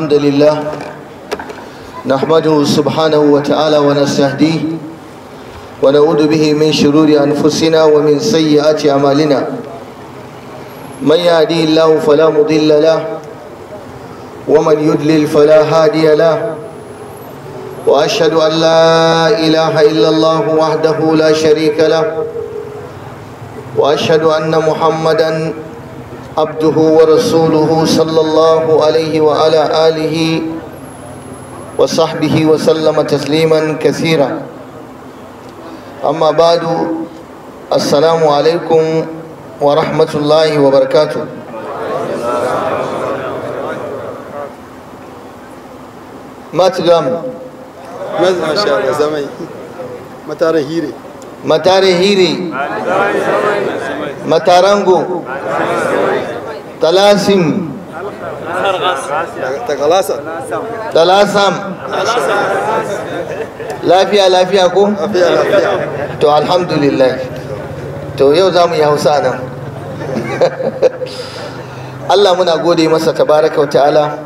الحمد لله نحمده سبحانه وتعالى ونستهديه ونعوذ به من شرور أنفسنا ومن سيئات أعمالنا من يهدي الله فلا مضل له ومن يدلل فلا هادي له وأشهد أن لا إله إلا الله وحده لا شريك له وأشهد أن محمدًا عبده ورسوله صلى الله عليه وعلى آله وصحبه وسلم تسليما كثيرا أما بعد السلام عليكم ورحمة الله وبركاته ما تقام ما شاء الله زمي متى هيري متى هيري متى رنغو تلاسم تقلاسم تلاسم lafiya lafiya ko? lafiya lafiya to alhamdulillah to yau za mu yi hausa nan Allah muna gode masa tabaraka ta'ala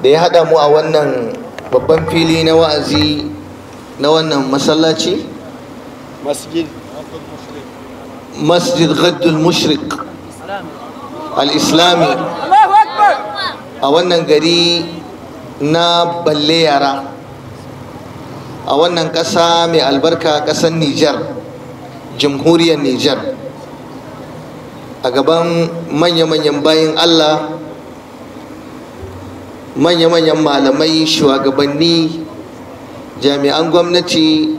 da ya haɗa mu a wannan babban fili na wa'azi na wannan masallaci masjid masjid ghaddul mushrik al-islami a wannan gari na balle yara a wannan ƙasa mai albarka ƙasar Nijar jamhuriyar Nijar a gaban manya-manyan bayan Allah manya-manyan malamai shugabanni jami'an gwamnati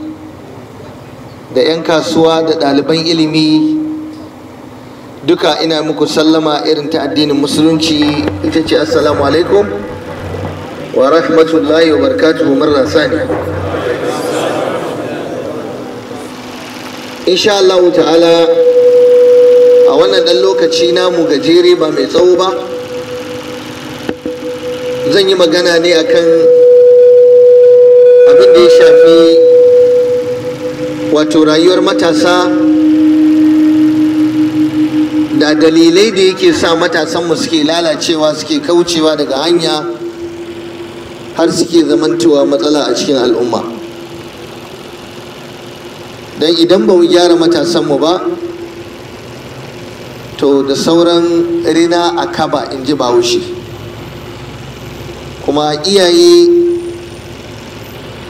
da 'yan kasuwa da ɗaliban ilimi duka ina muku sallama irin ta addinin musulunci ita ce assalamu alaikum wa rahmatullahi wa barakatuhu marra sani insha Allah ta'ala a wannan dan lokaci namu gajere ba mai tsawo ba zan yi magana ne akan abin da ya shafi wato rayuwar matasa da dalilai da yake sa matasanmu suke lalacewa suke kaucewa daga hanya har suke zamantowa matsala a cikin al'umma don idan ba mu gyara matasanmu ba to da sauran rina a kaba in ji bahaushe kuma iyaye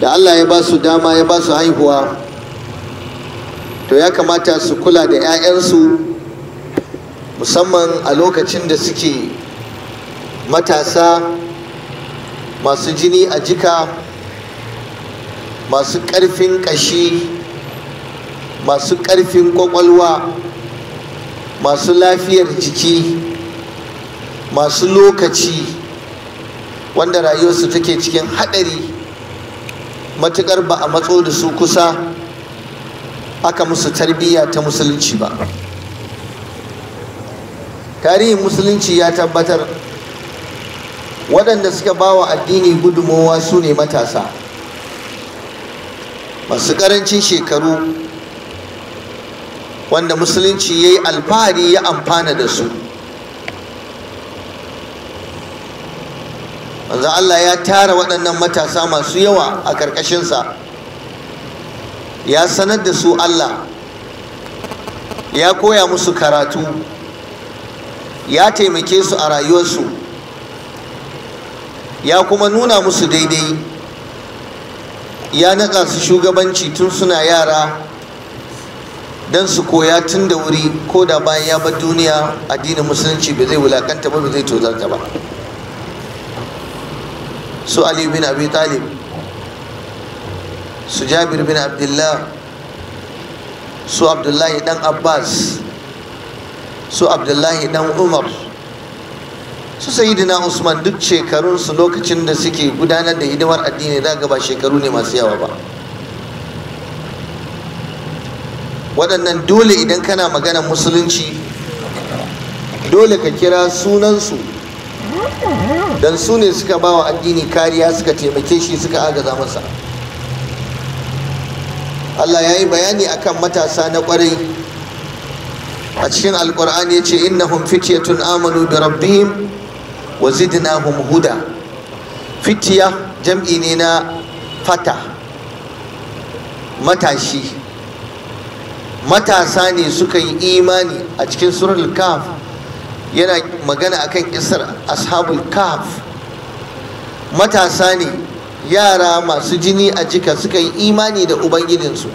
da allah ya ba su dama ya ba su haihuwa to ya kamata su kula da 'ya'yansu musamman a lokacin da suke matasa masu jini a jika masu ƙarfin ƙashi masu ƙarfin ƙwaƙwalwa masu lafiyar jiki masu lokaci wanda rayuwarsu take cikin haɗari matuƙar ba a matso da su kusa aka musu tarbiyya ta musulunci ba tarihin musulunci ya tabbatar waɗanda suka bawa addini gudunmowa su ne matasa masu ƙarancin shekaru wanda musulunci ya yi alfahari ya amfana da su wanzan Allah ya tara waɗannan matasa masu yawa a ƙarƙashinsa ya sanar da su Allah ya koya musu karatu ya taimake su a rayuwarsu ya kuma nuna musu daidai ya naɗa su shugabanci tun suna yara don su koya tun da wuri ko da bayan ya bar duniya addinin musulunci ba zai wulakanta ba ba zai tozarta ba su ali bin abi talib su jabir bin abdullah su abdullahi dan abbas su abdullahi dan umar su sayidina usman duk shekarunsu lokacin da suke gudanar da hidimar addini za ba shekaru ne masu yawa ba waɗannan dole idan kana magana musulunci dole ka kira sunansu don su ne suka ba wa addini kariya suka taimake shi suka agaza masa allah ya yi bayani akan matasa na kwarai. a cikin alkur'ani ya ce innahum fityatun amanu bi rabbihim wa zidnahum huda fitiya jam'i ne na fata matashi matasa ne suka yi imani a cikin surar kaf yana magana akan kisar ashabul kaf matasa ne yara masu jini a jika suka yi imani da ubangijinsu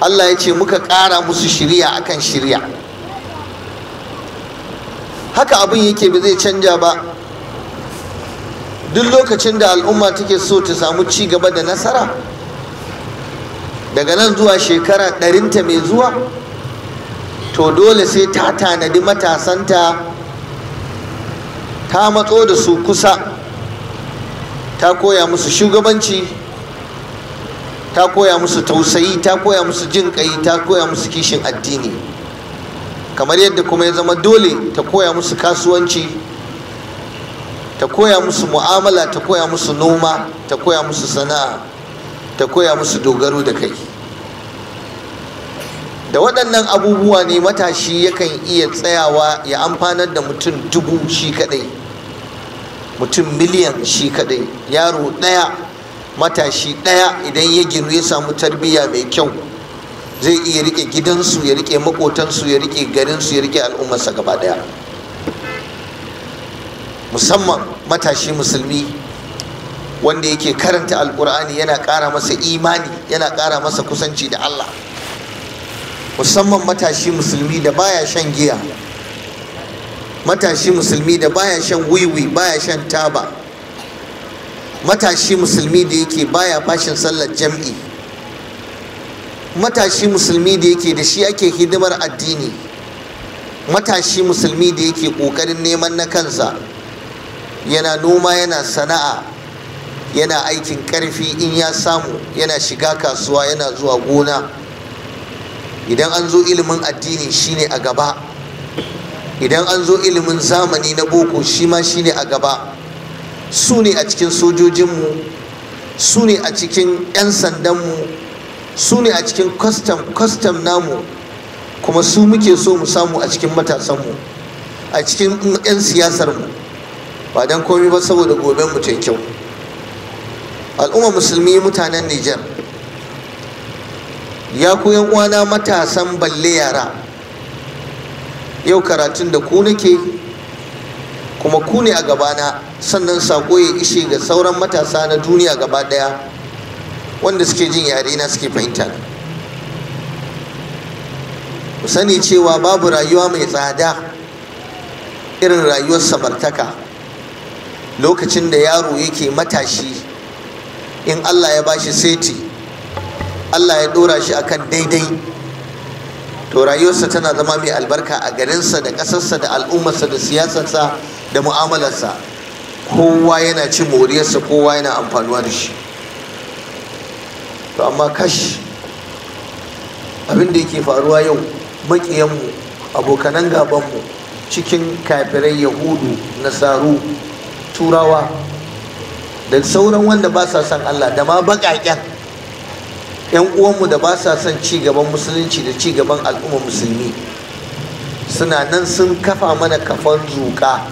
Allah ya ce muka ƙara musu shirya akan shirya haka abin yake ba zai canja ba duk lokacin da al'umma take so ta samu ci gaba da nasara daga nan zuwa shekara ɗarinta mai zuwa to dole sai ta tanadi matasanta ta matso da su kusa ta koya musu shugabanci ta koya musu tausayi ta koya musu jin kai ta koya musu kishin addini kamar yadda kuma ya zama dole ta koya musu kasuwanci ta koya musu mu'amala ta koya musu noma ta koya musu sana'a ta koya musu dogaro da kai da waɗannan abubuwa ne matashi yakan iya tsayawa ya amfanar da mutum dubu shi kaɗai mutum miliyan shi kaɗai yaro ɗaya matashi ɗaya idan ya ginu ya samu tarbiyya mai kyau zai iya rike gidansu ya rike makotansu ya rike garinsu ya rike al'ummarsa gaba ɗaya musamman matashi musulmi wanda yake karanta alkur'ani yana ƙara masa imani yana ƙara masa kusanci da allah musamman matashi musulmi da baya shan giya matashi musulmi da baya shan wiwi baya shan taba matashi musulmi da yake baya bashin sallar jam'i matashi musulmi da yake da shi ake hidimar addini matashi musulmi da yake ƙoƙarin neman na kansa yana noma yana sana'a yana aikin ƙarfi in ya samu yana shiga kasuwa yana zuwa gona idan an zo ilimin addini shine a gaba idan an zo ilimin zamani na boko shi ma shine a gaba su ne a cikin sojojinmu su ne a cikin 'yan sandanmu su ne a cikin kwastam kwastam namu kuma su muke so mu samu a cikin matasanmu a cikin 'yan siyasarmu ba don komi ba saboda goben mu kyau al'umma musulmi mutanen nijar ya ku uwana matasan balle yara yau karatun da ku nake kuma ku ne a gabana sannan sako ya ishe ga sauran matasa na duniya gaba daya wanda suke jin yare na suke fahimta ku sani cewa babu rayuwa mai tsada irin rayuwar sabartaka lokacin da yaro yake matashi in Allah ya bashi seti Allah ya dora shi akan daidai to rayuwarsa tana zama mai albarka a garinsa da ƙasarsa da al'ummarsa da siyasarsa da mu'amalarsa kowa yana cin moriyarsa kowa yana amfanuwa da shi to amma kash abin da yake faruwa yau maƙiyanmu abokanan gabanmu cikin kafirai yahudu nasaru turawa da sauran wanda ba sa son allah da ma baƙaƙen 'yan uwanmu da ba sa son ci gaban musulunci da ci gaban al'umma musulmi suna nan sun kafa mana kafan zuka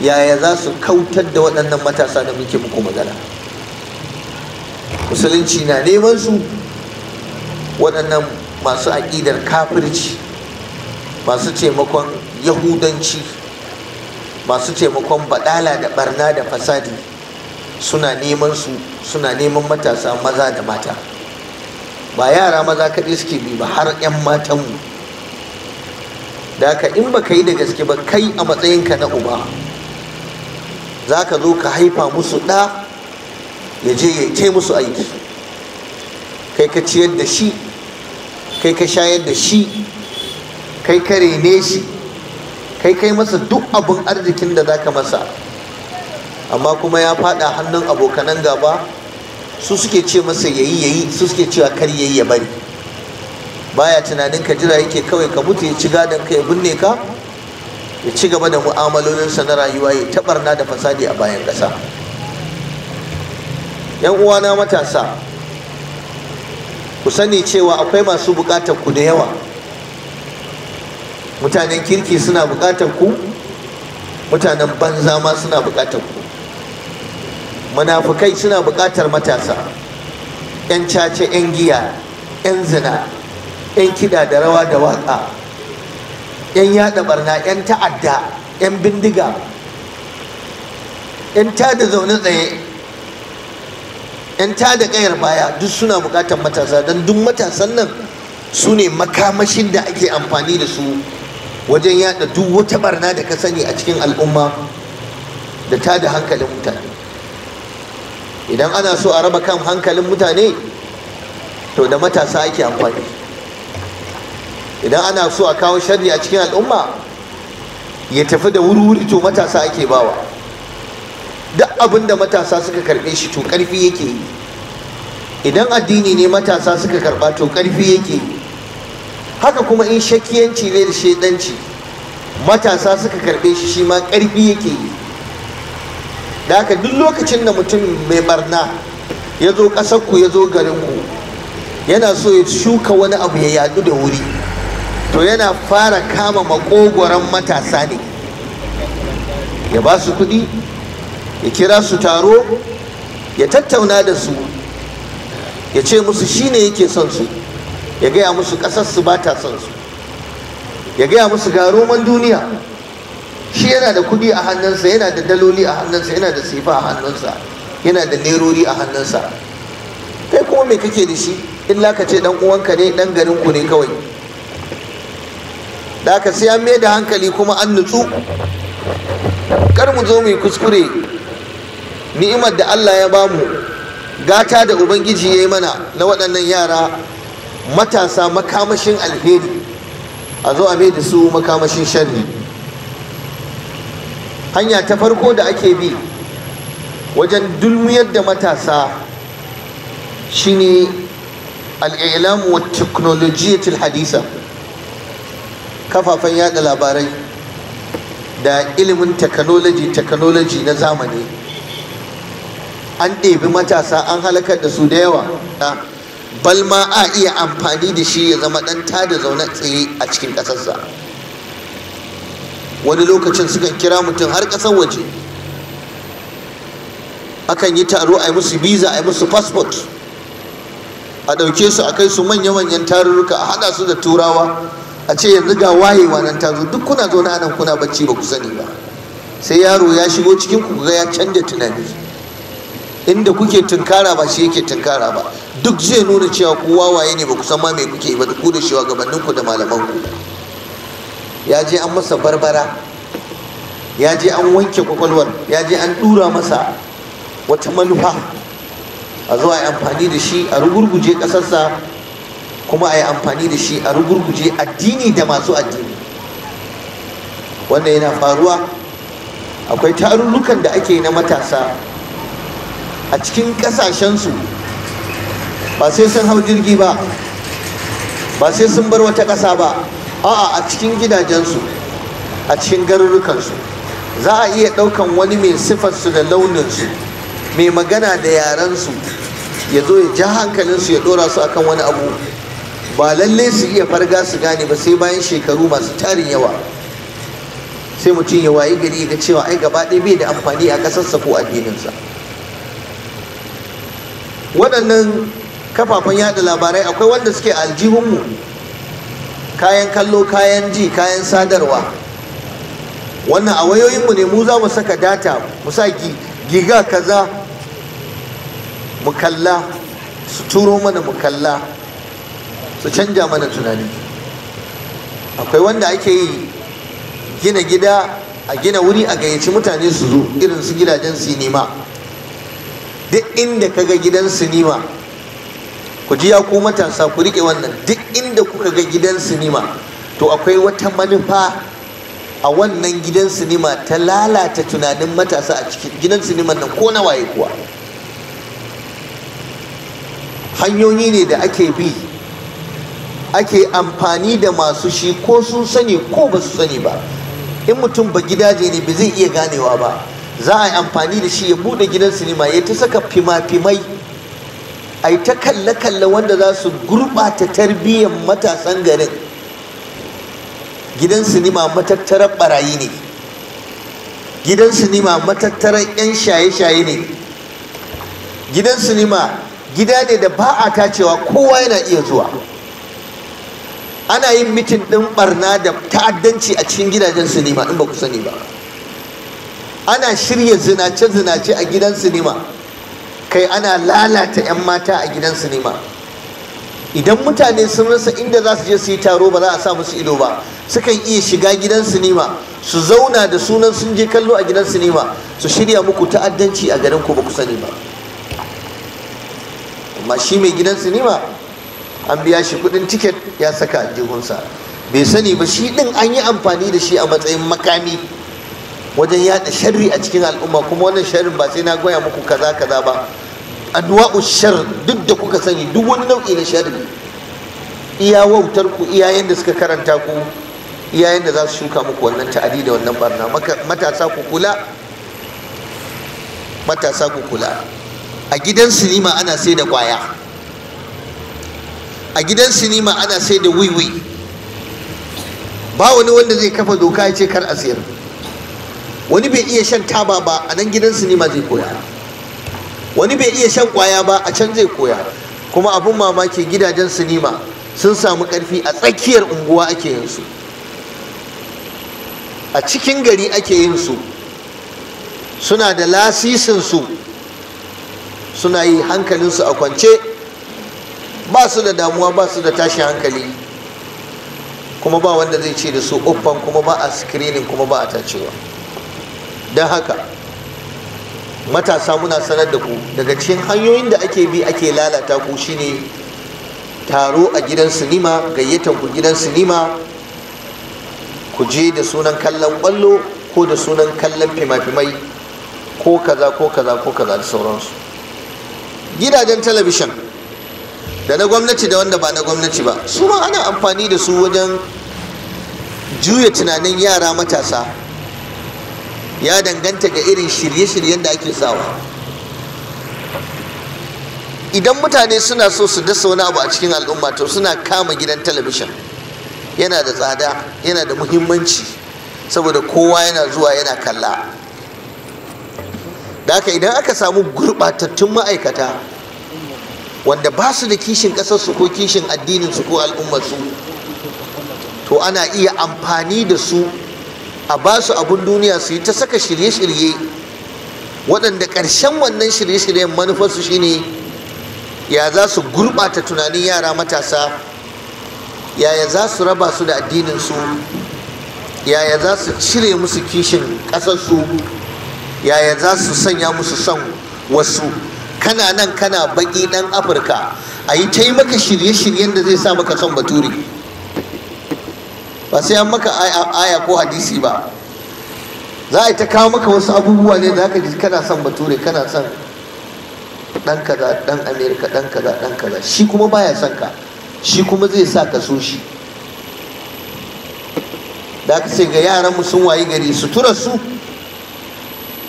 yaya za su kautar da waɗannan matasa da muke muku magana musulunci na neman su waɗannan masu aƙidar kafirci masu taimakon yahudanci masu taimakon baɗala da ɓarna da fasadi suna neman su suna neman matasa maza da mata ba yara maza kaɗai suke bi ba har 'yan matanmu da ka in ba ka yi da gaske ba kai a matsayinka na uba za ka zo ka haifa musu ɗa ya je ya ce musu aiki kai ka ciyar da shi kai ka shayar da shi kai ka rene shi kai kai masa duk abin arzikin da za ka masa amma kuma ya faɗa hannun abokanan gaba su suke ce masa yayi yayi su suke cewa kar yayi ya bari baya tunanin ka jira yake kawai ka mutu ya ci gadon ka ya binne ka ya ci gaba da mu'amalolinsa na rayuwa ya tabarna da fasadi a bayan ƙasa yan uwana matasa ku sani cewa akwai masu buƙatar ku da yawa mutanen kirki suna buƙatar ku mutanen banza ma suna buƙatar ku munafukai suna buƙatar matasa 'yan cace 'yan giya 'yan zina 'yan kiɗa da rawa da waƙa 'yan yaɗa barna 'yan ta'adda 'yan bindiga 'yan tada zaune tsaye 'yan tada ƙayar baya duk suna buƙatar matasa don duk matasan nan su ne makamashin da ake amfani da su wajen yaɗa duk wata barna da ka sani a cikin al'umma da ta da hankalin mutane idan ana so a raba kan hankalin mutane to da matasa ake amfani idan ana so a kawo sharri a cikin al'umma ya tafi da wuri-wuri to matasa ake bawa duk abin da matasa suka karbe shi to ƙarfi yake yi idan addini ne matasa suka karɓa to ƙarfi yake yi haka kuma in shakiyanci ne da shaidanci matasa suka karɓe shi shi ma ƙarfi yake yi da duk lokacin da mutum mai barna ya zo ƙasarku ya zo garinku yana so ya shuka wani abu ya yadu da wuri to yana fara kama makogoron matasa ne ya ba su kudi, ya kira su taro ya tattauna da su ya ce musu shine yake son su ya gaya musu ƙasar su ba ta son su ya gaya musu garoman duniya shi yana da kuɗi a hannunsa yana da daloli a hannunsa yana da sifa a hannunsa yana da nerori a hannunsa kai kuma me kake da shi illa ka ce dan uwanka ne dan garin ku ne kawai da aka sai an da hankali kuma an nutsu kar mu zo mu kuskure ni'imar da Allah ya bamu gata da ubangiji ya yi mana na waɗannan yara matasa makamashin alheri a zo a mai da su makamashin sharri hanya ta farko da ake bi wajen dulmiyar da matasa shine al'ilamu wa teknologiyatul hadisa kafafen yada labarai da ilimin technology technology na zamani an ɗebi matasa an halakar da su da yawa balma a iya amfani da shi ya zama ɗan tada zaune tsaye a cikin ƙasarsa. wani lokacin sukan kira mutum har ƙasar waje akan yi taro a yi musu visa a yi musu passport a ɗauke su a kai su manya-manyan tarurruka a haɗa su da turawa a ce yanzu ga wayewa nan ta zo duk kuna zaune a nan kuna bacci ba ku sani ba sai yaro ya shigo cikin ku ga ya canja tunani inda kuke tunkara ba shi yake tunkara ba duk zai nuna cewa ku wawaye ne ba ku san ma me kuke ba ku da shi gabanin ku da malaman ku ya je an masa barbara ya je an wanke kwakwalwar ya je an dura masa wata manufa a zo a yi amfani da shi a rugurguje ƙasarsa kuma a yi amfani da shi a rugurguje addini da masu addini wannan yana faruwa akwai tarurrukan da ake na matasa a cikin ƙasashensu ba sai sun hau jirgi ba ba sai sun bar wata ƙasa ba a'a a cikin gidajensu a cikin garurukansu za a iya ɗaukan wani mai sifarsu da launinsu mai magana da yarensu ya zo ya ja hankalinsu ya ɗora su akan wani abu ba lalle su iya farga su gane ba sai bayan shekaru masu tarin yawa sai mutum ya wayi gari ga cewa ai gaba ɗaya bai da amfani a ƙasarsa ko addininsa waɗannan kafafen yada labarai akwai wanda suke aljihunmu kayan kallo kayan ji kayan sadarwa wannan a wayoyinmu ne mu za mu saka data mu sa giga kaza mu kalla su turo mana mu kalla su canja mana tunani akwai wanda ake yi gina gida a gina wuri a gayyaci mutane su zo irin su gidajen sinima duk inda kaga gidan sinima ku ji ya ku matasa ku rike wannan duk inda kuka ga gidan sinima to akwai wata manufa a wannan gidan sinima ta lalata tunanin matasa a cikin gidan siniman nan ko na waye kuwa hanyoyi ne da ake bi ake amfani da masu shi ko sun sani ko ba su sani ba in mutum ba gidaje ne ba zai iya ganewa ba za a yi amfani da shi ya buɗe gidan sinima ya ta saka fima-fimai a yi ta kalle-kalle wanda za su gurɓata tarbiyyar matasan garin gidan sinima matattarar barayi ne gidan sinima matattarar 'yan shaye-shaye ne gidan sinima gida ne da ba a tacewa kowa yana iya zuwa ana yin mitin ɗin barna da ta'addanci a cikin gidajen sinima in ba ku sani ba ana shirya zinace-zinace a gidan sinima kai ana lalata 'yan mata a gidan sinima idan mutane sun rasa inda za su je su yi taro ba za a sa musu ido ba sukan iya shiga gidan sinima su zauna da sunan sun je kallo a gidan sinima su shirya muku ta'addanci a garin ku ba ku sani ba amma shi mai gidan sinima an biya shi kudin tiket ya saka jihunsa bai sani ba shi din an yi amfani da shi a matsayin makami wajen yada sharri a cikin al'umma kuma wannan sharrin ba sai na goya muku kaza kaza ba anwa'u shar duk da kuka sani duk wani nau'i na sharri iya wautar ku iya yanda suka karanta ku iya yanda za su shuka muku wannan ta'adi da wannan barna matasa ku kula matasa ku kula a gidan sinima ana sai da kwaya a gidan sinima ana sai da wiwi ba wani wanda zai kafa doka ya ce kar a sayar wani bai iya shan taba ba a nan gidan sinima zai koya wani bai iya shan kwaya ba a can zai koya kuma abin mamaki gidajen sinima sun samu karfi a tsakiyar unguwa ake yinsu. a cikin gari ake yin su suna da lasisinsu suna yi hankalinsu a kwance ba su da damuwa ba su da tashi hankali kuma ba wanda zai ce da su uffan kuma ba a screening kuma ba a tacewa don haka matasa muna sanar da ku daga cikin hanyoyin da ake bi ake lalata ku shine taro a gidan sinima gayyatar ku gidan sinima ku je da sunan kallon kwallo ko da sunan kallon fima-fimai ko kaza ko kaza ko kaza da sauransu gidajen talabishin da na gwamnati da wanda ba na gwamnati ba su ma ana amfani da su wajen juya tunanin yara matasa ya danganta ga irin shirye-shiryen da ake sawa idan mutane suna so su dasa wani abu a cikin al'umma to suna kama gidan talabishin yana da tsada yana da muhimmanci saboda kowa yana zuwa yana kalla da haka idan aka samu gurɓatattun ma'aikata wanda ba su da kishin ƙasarsu ko kishin addininsu ko al'ummarsu to ana iya amfani da su a ba su abun duniya su yi ta saka shirye-shirye waɗanda ƙarshen wannan shirye-shiryen manufarsu shine ya za su gurɓata tunanin yara matasa yaya za su raba su da addininsu yaya za su cire musu kishin ƙasarsu yaya za su sanya musu son wasu kana nan kana baƙi ɗan afirka a yi ta maka shirye-shiryen da zai sa maka son baturi ba sai an maka aya ko hadisi ba za a yi ta kawo maka wasu abubuwa ne da haka kana son bature kana son dan kaza dan amerika dan kaza dan kaza shi kuma baya son ka shi kuma zai sa ka so shi da aka sai ga yaran mu sun wayi gari sutura su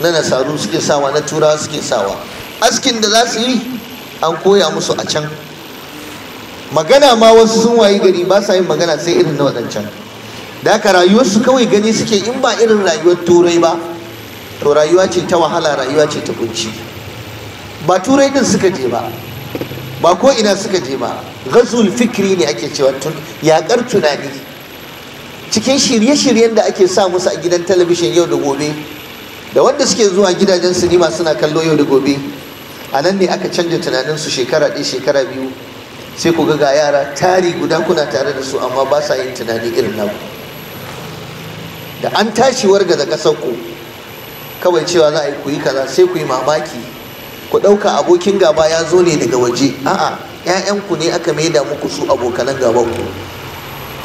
na nasaru suke sawa na turawa suke sawa askin da za su yi an koya musu a can magana ma wasu sun wayi gari ba sa yin magana sai irin na waɗancan da haka rayuwarsu kawai gani suke in ba irin rayuwar turai ba to rayuwa ce ta wahala rayuwa ce ta kunci ba turai din suka je ba ba ko ina suka je ba ghazul fikri ne ake cewa yakar tunani cikin shirye-shiryen da ake sa musu a gidan talabishin yau da gobe da wanda suke zuwa gidajen sinima suna kallo yau da gobe a nan ne aka canja tunaninsu shekara ɗaya shekara biyu sai ku ga yara tari guda kuna tare da su amma ba sa yin tunani irin naku da an tashi wargaza ƙasar ku kawai cewa za a yi kuyi kaza sai ku yi mamaki ku ɗauka abokin gaba ya zo ne daga waje a'a 'ya'yanku ne aka maida muku su abokanan gaban ku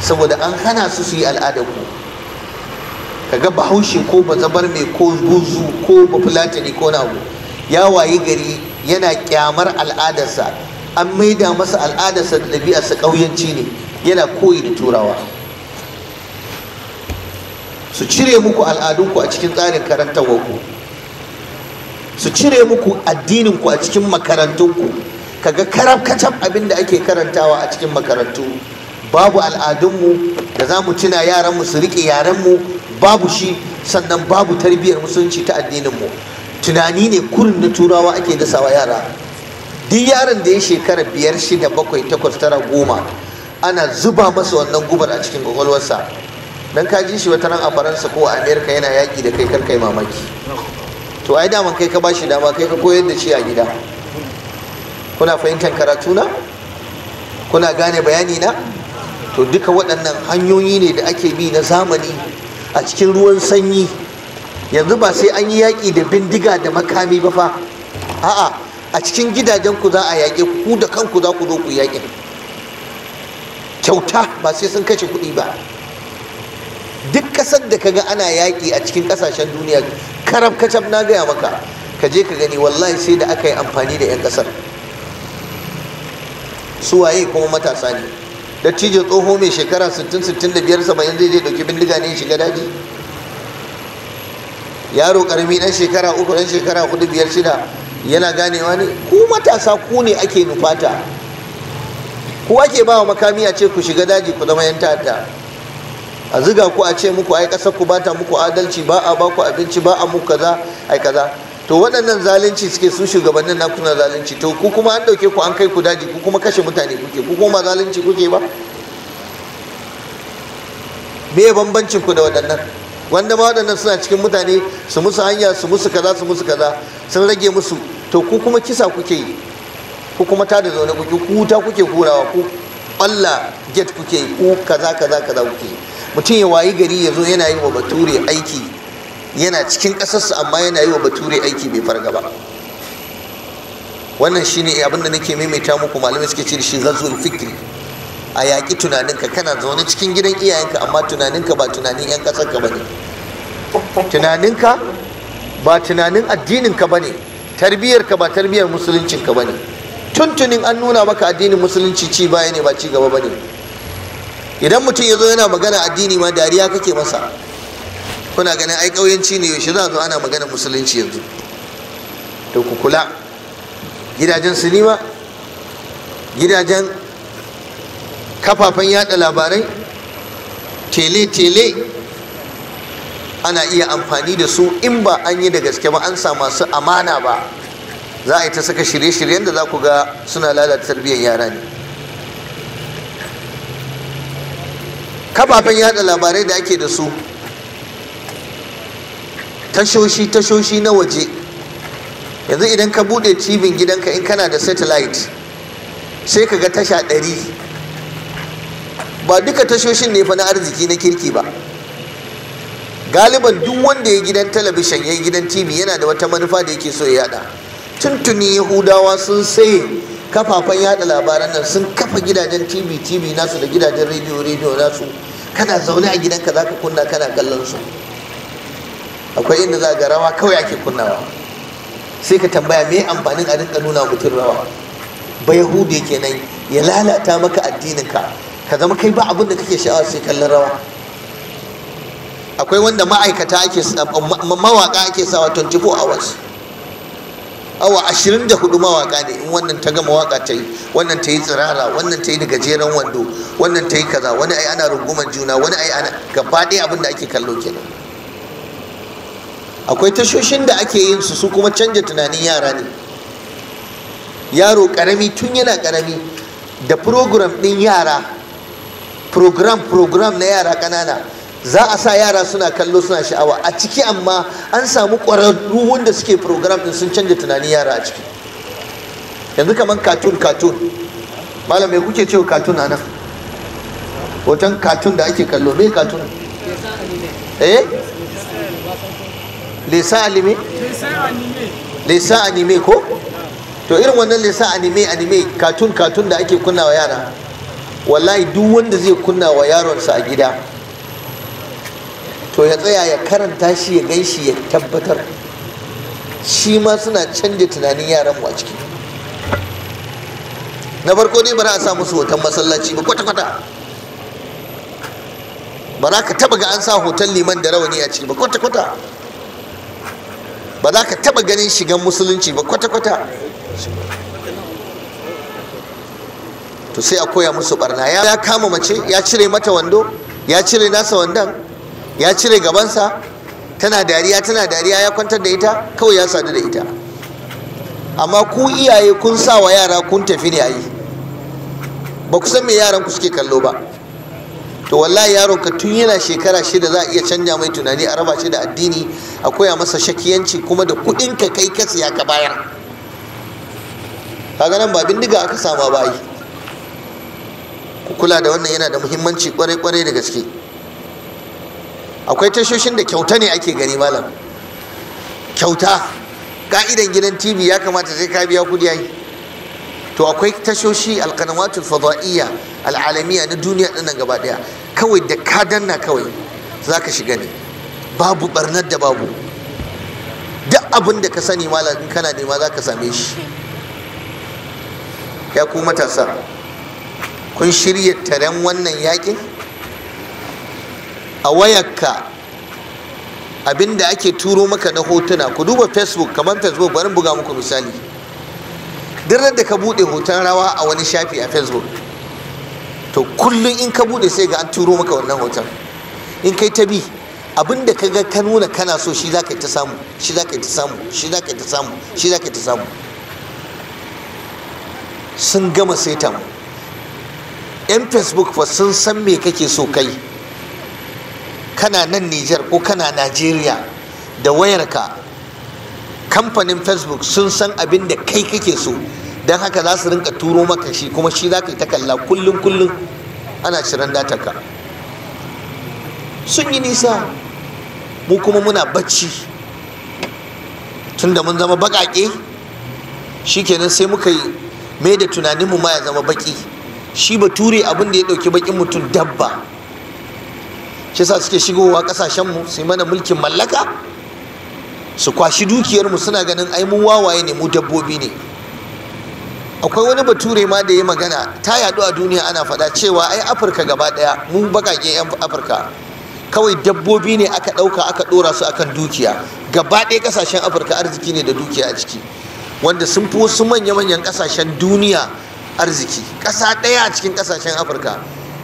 saboda an hana su su yi al'adar ku kaga bahaushe ko ba bazabar mai ko buzu ko bafulatani ko nabu ya wayi gari yana kyamar al'adarsa an maida masa al'adarsa da ɗabi'arsa ƙauyanci ne yana koyi da turawa su cire muku al'adunku a cikin tsarin karantarwarku su cire muku addininku a cikin makarantunku kaga karab kacab abin da ake karantawa a cikin makarantu babu al'adunmu da za mu tuna yaranmu su riƙe yarenmu babu shi sannan babu tarbiyyar musulunci ta addininmu tunani ne kurin na turawa ake dasawa yara duk yaron da ya shekara biyar shida bakwai takwas tara goma ana zuba masa wannan gubar a cikin kwakwalwarsa dan ka ji shi wata nan a faransa ko a amerika yana yaƙi da kai karkai mamaki to ai daman kai ka ba shi dama kai ka koyar da shi a gida kuna fahimtar karatu na kuna gane bayani na to duka waɗannan hanyoyi ne da ake bi na zamani a cikin ruwan sanyi yanzu ba sai an yi yaƙi da bindiga da makami ba fa a'a a cikin gidajen ku za a yaƙe ku da kanku za ku zo ku yaƙe kyauta ba sai sun kashe kuɗi ba duk kasar da kaga ana yaƙi a cikin ƙasashen duniya karab kacab na gaya maka ka je ka gani wallahi sai da aka yi amfani da 'yan ƙasar waye kuma matasa ne cije tsoho mai shekara 60-65 saba'in zai je ɗauki bindiga ne shiga daji yaro ƙarami dan shekara uku dan shekara hudu biyar shida yana ganewa ne ku matasa ku ne ake nufata ku ake ba wa makami a ce ku shiga daji ku zama 'yan ta'adda a ziga ku a ce muku ai kasar ku bata muku adalci ba a baku abinci ba a muku kaza ai kaza to waɗannan zalunci suke su shugabannin na kuna zalunci to ku kuma an ɗauke ku an kai ku daji ku kuma kashe mutane kuke ku kuma zalunci kuke ba me bambancin ku da waɗannan wanda ma waɗannan suna cikin mutane su musu hanya su musu kaza su musu kaza sun rage musu to ku kuma kisa kuke yi ku kuma tada zaune kuke ku wuta kuke hurawa ku ƙwalla get kuke yi ku kaza kaza kaza kuke yi mutum ya wayi gari ya zo yana yi wa bature aiki yana cikin ƙasarsa amma yana yi wa bature aiki bai farga ba wannan shi abin da nake maimaita muku malamai suke ce shi zazzul fikri a yaƙi tunaninka kana zaune cikin gidan iyayenka amma tunaninka ba tunanin 'yan ƙasarka ba ne tunaninka ba tunanin addininka ba ne tarbiyyarka ba tarbiyyar musuluncinka ba ne tuntunin an nuna maka addinin musulunci ci baya ne ba ci gaba ba ne idan mutum ya zo yana magana addini ma dariya kake masa kuna ganin ai ƙauyenci ne yaushe za zo ana magana musulunci yanzu to ku kula gidajen sinima gidajen kafafen yada labarai tele-tele ana iya amfani da su in ba an yi da gaske ba an samu masu amana ba za a yi ta saka shirye-shiryen da za ku ga suna lalata tarbiyyar yara ne kafafen yada labarai da ake da su tashoshi tashoshi na waje yanzu idan ka bude cibin gidanka in kana da satellite sai ka ga tasha ɗari ba duka tashoshin ne fa na arziki na kirki ba galiban duk wanda ya gidan talabishin ya gidan tv yana da wata manufa da yake so ya yada tuntuni yahudawa sun sayi Kafafan yada labaran nan sun kafa gidajen tv tv nasu da gidajen rediyo rediyo nasu kana zaune a gidanka za ka kunna kana kallon su akwai inda za ga rawa kawai ake kunnawa sai ka tambaya me amfanin a rinka nuna mutum rawa ba yahudi kenan ya lalata maka addininka ka zama kai ba abin da kake sha'awa sai kallon rawa akwai wanda ma'aikata ake mawaka ake sawa 24 hours awa ashirin da hudu mawaka ne in wannan ta gama waka ta yi wannan ta yi tsirara wannan ta yi da gajeren wando wannan ta yi kaza wani ai ana runguman juna wani ai ana gaba ɗaya abin da ake kallo kenan akwai tashoshin da ake yin su su kuma canja tunanin yara ne yaro karami tun yana karami da program ɗin yara program program na yara ƙanana za a sa yara suna kallo suna sha'awa a ciki amma an samu ƙwararru wanda suke program ɗin sun canja tunanin yara a ciki yanzu kamar katun katun malam me kuke cewa katun a nan hoton katun da ake kallo me katun eh lesa anime lesa anime ko to irin wannan lesa anime anime katun katun da ake kunna wa yara wallahi duk wanda zai kunna wa yaronsa a gida to ya tsaya ya karanta shi ya gan shi ya tabbatar shi ma suna canja tunanin yaran mu a ciki na farko ne ba za a sa musu hoton masallaci ba kwata-kwata ba za ka taba ga an sa hoton liman da rawani a ciki ba kwata-kwata ba za ka taba ganin shigan musulunci ba kwata-kwata to sai a koya musu barna ya kama mace ya cire mata wando ya cire nasa wandon ya cire gabansa tana dariya tana dariya ya kwantar da ita kawai ya sadu da ita amma ku iyaye kun sa wa yara kun tafi ne a yi ba ku san me yaran ku suke kallo ba to wallahi yaron ka tun yana shekara shida za a iya canja mai tunani a raba shi da addini a koya masa shakiyanci kuma da kuɗin ka kai ka ya ka bayar kaga nan ba bindiga aka sama ba ku kula da wannan yana da muhimmanci kwarai kwarai da gaske akwai tashoshin da kyauta ne ake gani malam kyauta ka'idan gidan tv ya kamata sai ka biya kudi yayi to akwai tashoshi alkanamatul fadaiya alalamiya na duniya din nan gaba daya kawai da ka danna kawai za ka shiga ne babu barnar da babu duk abin da ka sani malam in kana nema za ka same shi ya ku matasa kun shirya taren wannan yakin a wayarka abinda ake turo maka na hotuna ku duba facebook kamar facebook bari buga muku misali duk da ka bude hoton rawa a wani shafi a facebook to kullum in ka bude sai ga an turo maka wannan hoton in kai ta bi abinda ka ga ka nuna kana so shi zaka ta samu shi zaka ta samu shi zaka ta samu shi zaka ta samu sun gama saitan yan facebook fa sun san me kake so kai kana nan Nijar ko kana Najeriya da wayarka kamfanin Facebook sun san abin da kai kake so don haka za su rinka turo maka shi kuma shi za ka yi ta kullum kullum ana ciran ka. sun yi nisa mu kuma muna bacci tunda mun zama baƙaƙe shikenan sai muka yi mai da tunaninmu ma ya zama baƙi shi bature abin da ya ɗauki baƙin mutum dabba shi sa suke shigowa kasashen su yi mana mulkin mallaka su kwashi dukiyarmu suna ganin ai mu wawaye ne mu dabbobi ne akwai wani bature ma da ya magana ta yadu a duniya ana faɗa cewa ai afirka gaba ɗaya mu baƙaƙe 'yan afirka kawai dabbobi ne aka ɗauka aka ɗora su akan dukiya gaba ɗaya ƙasashen afirka arziki ne da dukiya a ciki wanda sun fi wasu manya-manyan kasashen duniya arziki ƙasa ɗaya a cikin ƙasashen afirka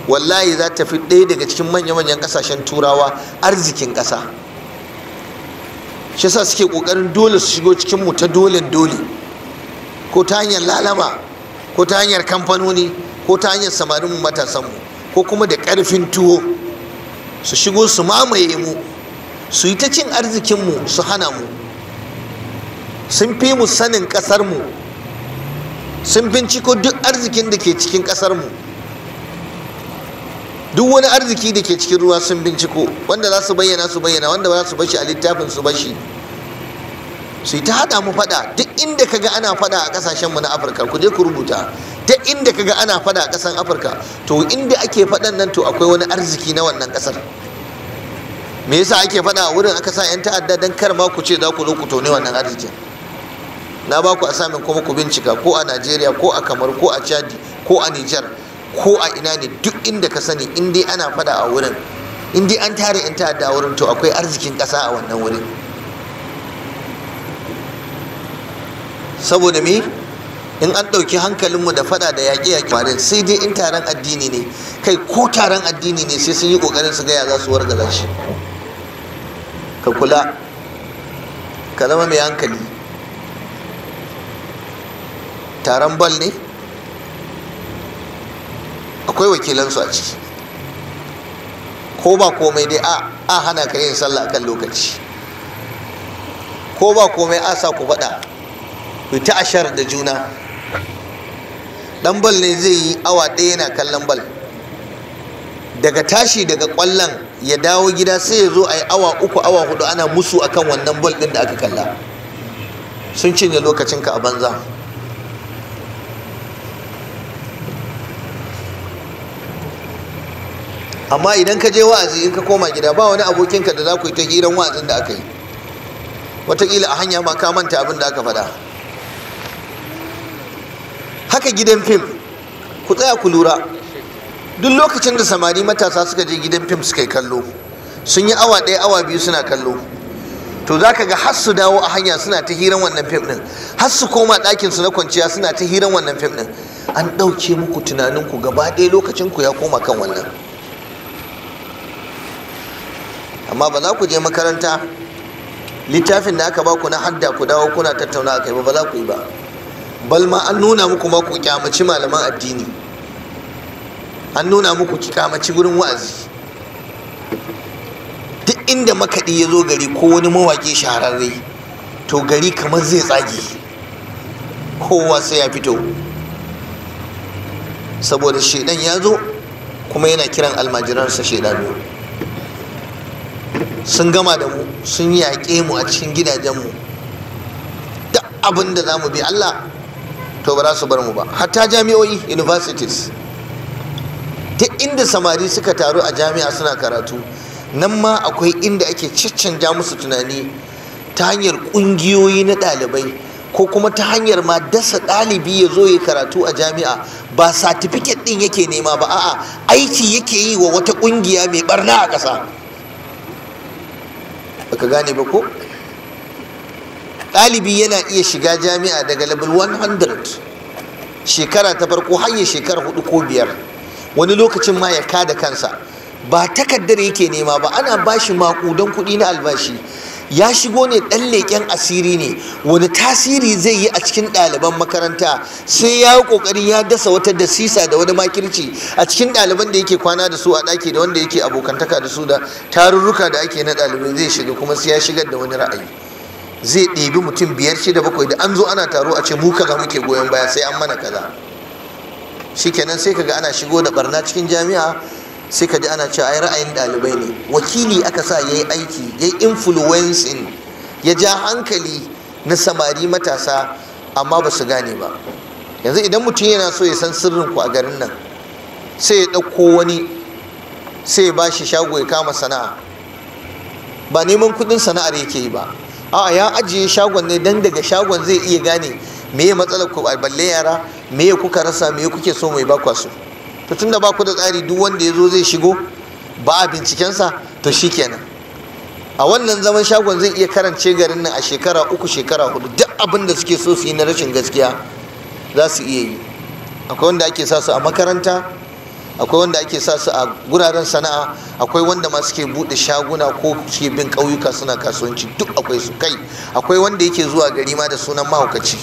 wallahi za ta fi ɗaya daga cikin manya-manyan ƙasashen turawa arzikin ƙasa shi sa suke ƙoƙarin dole su shigo cikin mu ta dole dole ko ta hanyar lalama ko ta hanyar kamfanoni ko ta hanyar samarin mu matasan mu ko kuma da ƙarfin tuwo su shigo su mamaye mu su yi ta cin arzikin mu su hana mu sun fi mu sanin ƙasar mu sun binciko duk arzikin da ke cikin ƙasar mu duk wani arziki da ke cikin ruwa sun binciko wanda za su bayyana su bayyana wanda za su bashi a littafin su bashi su yi ta hada mu fada duk inda ka ga ana fada a kasashen mu na afirka ku je ku rubuta duk inda ka ga ana fada a kasan afirka to inda ake fadan nan to akwai wani arziki na wannan kasar me yasa ake fada a wurin aka sa yan ta'adda dan kar ma ku ce za ku zo ku tone wannan arzikin na ba ku asamin kuma ku bincika ko a najeriya ko a kamar ko a chadi ko a Nijar. ko a ina ne duk inda ka sani in dai ana fada a wurin in dai an tare in ta'adda da wurin to akwai arzikin ƙasa a wannan wurin saboda me in an ɗauki hankalinmu da fada da yaƙe yaƙi ba sai dai in taron addini ne kai ko taron addini ne sai sun yi ƙoƙarin su gaya za su wargaza shi ka kula ka zama mai hankali taron bal ne akwai wakilansu a ciki ko ba komai dai a hana ka yin sallah kan lokaci ko ba komai a sa ku faɗa ku ta ashar da juna ɗanbal ne zai yi awa ɗaya yana kallon bal daga tashi daga ƙwallon ya dawo gida sai ya zo a yi awa uku awa hudu ana musu akan wannan bal ɗin da aka kalla sun cinye lokacinka a banza amma idan ka je wa'azi in ka koma gida ba wani abokinka da za ku yi ta hiran wa'azin da aka yi watakila a hanya ma ka manta abin da aka faɗa haka gidan fim ku tsaya ku lura duk lokacin da samari matasa suka je gidan fim suka yi kallo sun yi awa ɗaya awa biyu suna kallo to za ka ga har su dawo a hanya suna ta hiran wannan fim ɗin har su koma ɗakin su na kwanciya suna ta hiran wannan fim ɗin an ɗauke muku tunaninku gaba ɗaya lokacin ku ya koma kan wannan amma ba za ku je makaranta littafin da aka baku na hadda ku dawo kuna tattauna a ba ba za ku yi ba bal ma an nuna muku ma ku kyamaci malaman addini an nuna muku ki kyamaci gurin wa'azi duk inda makaɗi ya zo gari ko wani mawaƙi shahararre to gari kamar zai tsage kowa sai ya fito saboda shaidan ya zo kuma yana kiran almajiransa shaidanu sun gama da mu sun yaƙe mu a cikin gidajenmu duk abin da za mu bi Allah to ba za su bar mu ba hatta jami'o'i universities ta inda samari suka taru a jami'a suna karatu nan ma akwai inda ake caccanja musu tunani ta hanyar ƙungiyoyi na ɗalibai ko kuma ta hanyar ma dasa ɗalibi ya zo ya karatu a jami'a ba satifiket ɗin yake nema ba a'a aiki yake yi wa wata ƙungiya mai ɓarna a ƙasa baka gane ba ko ɗalibi yana iya shiga jami'a daga level 100 shekara ta farko har shekara hudu ko biyar wani lokacin ma ya kada kansa ba takaddar yake nema ba ana bashi maƙudan kuɗi na albashi ya shigo ne ɗan leƙen asiri ne wani tasiri zai yi a cikin ɗaliban makaranta sai ya yi ƙoƙari ya dasa wata dasisa da wani makirci a cikin ɗaliban da yake kwana da su a ɗaki da wanda yake abokantaka da su da tarurruka da ake na ɗalibai zai shiga kuma sai ya shigar da wani ra'ayi zai ɗebi mutum biyar shida bakwai da an zo ana taro a ce mu kaza muke goyon baya sai an mana kaza shikenan sai kaga ana shigo da barna cikin jami'a sai ka ji ana cewa ai ra'ayin dalibai ne wakili aka sa ya yi aiki ya yi influencing ya ja hankali na samari matasa amma ba su gane ba yanzu idan mutum yana so ya san sirrin ku a garin nan sai ya ɗauko wani sai ya bashi shago ya kama sana'a ba neman kudin sana'ar yake yi ba a'a ya ajiye shagon ne dan daga shagon zai iya gane me ya matsalar ku a balle yara me ya kuka rasa me kuke so mai ba su to da ba ku da tsari duk wanda ya zo zai shigo ba a bincikensa to shi kenan a wannan zaman shagon zai iya karance garin nan a shekara uku shekara hudu duk abin da suke so su yi na rashin gaskiya za su iya yi akwai wanda ake sa su a makaranta akwai wanda ake sa su a guraren sana'a akwai wanda ma suke bude shaguna ko suke bin ƙauyuka suna kasuwanci duk akwai su kai akwai wanda yake zuwa gari ma da sunan mahaukaci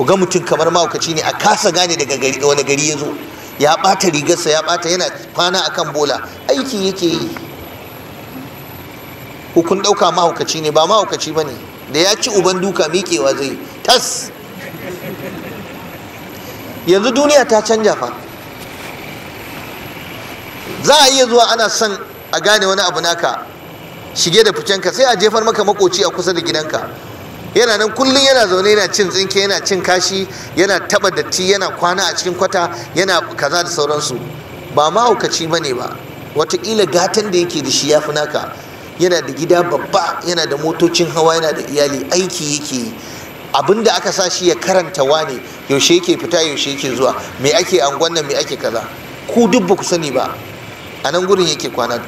ku ga mutum kamar mahaukaci ne a kasa gane daga gari wani gari ya zo ya ɓata rigarsa ya bata yana kwana akan bola aiki yake yi hukun ɗauka mahaukaci ne ba mahaukaci ba ne da ya ci uban duka miƙewa zai tas yanzu duniya ta canja fa za a iya zuwa ana son a gane wani abu naka shige da ficenka sai a jefar maka makoci a kusa da gidanka yana nan kullum yana zaune yana cin tsinke yana cin kashi yana taba datti yana kwana a cikin kwata yana kaza da sauransu ba mahaukaci ba ne ba watakila gatan da yake da shi ya fi naka yana da gida babba yana da motocin hawa yana da iyali aiki yake yi da aka sa shi ya karanta wane yaushe yake fita yaushe yake zuwa me ake angon me ake kaza ku duk ba ku sani ba a nan gurin yake kwana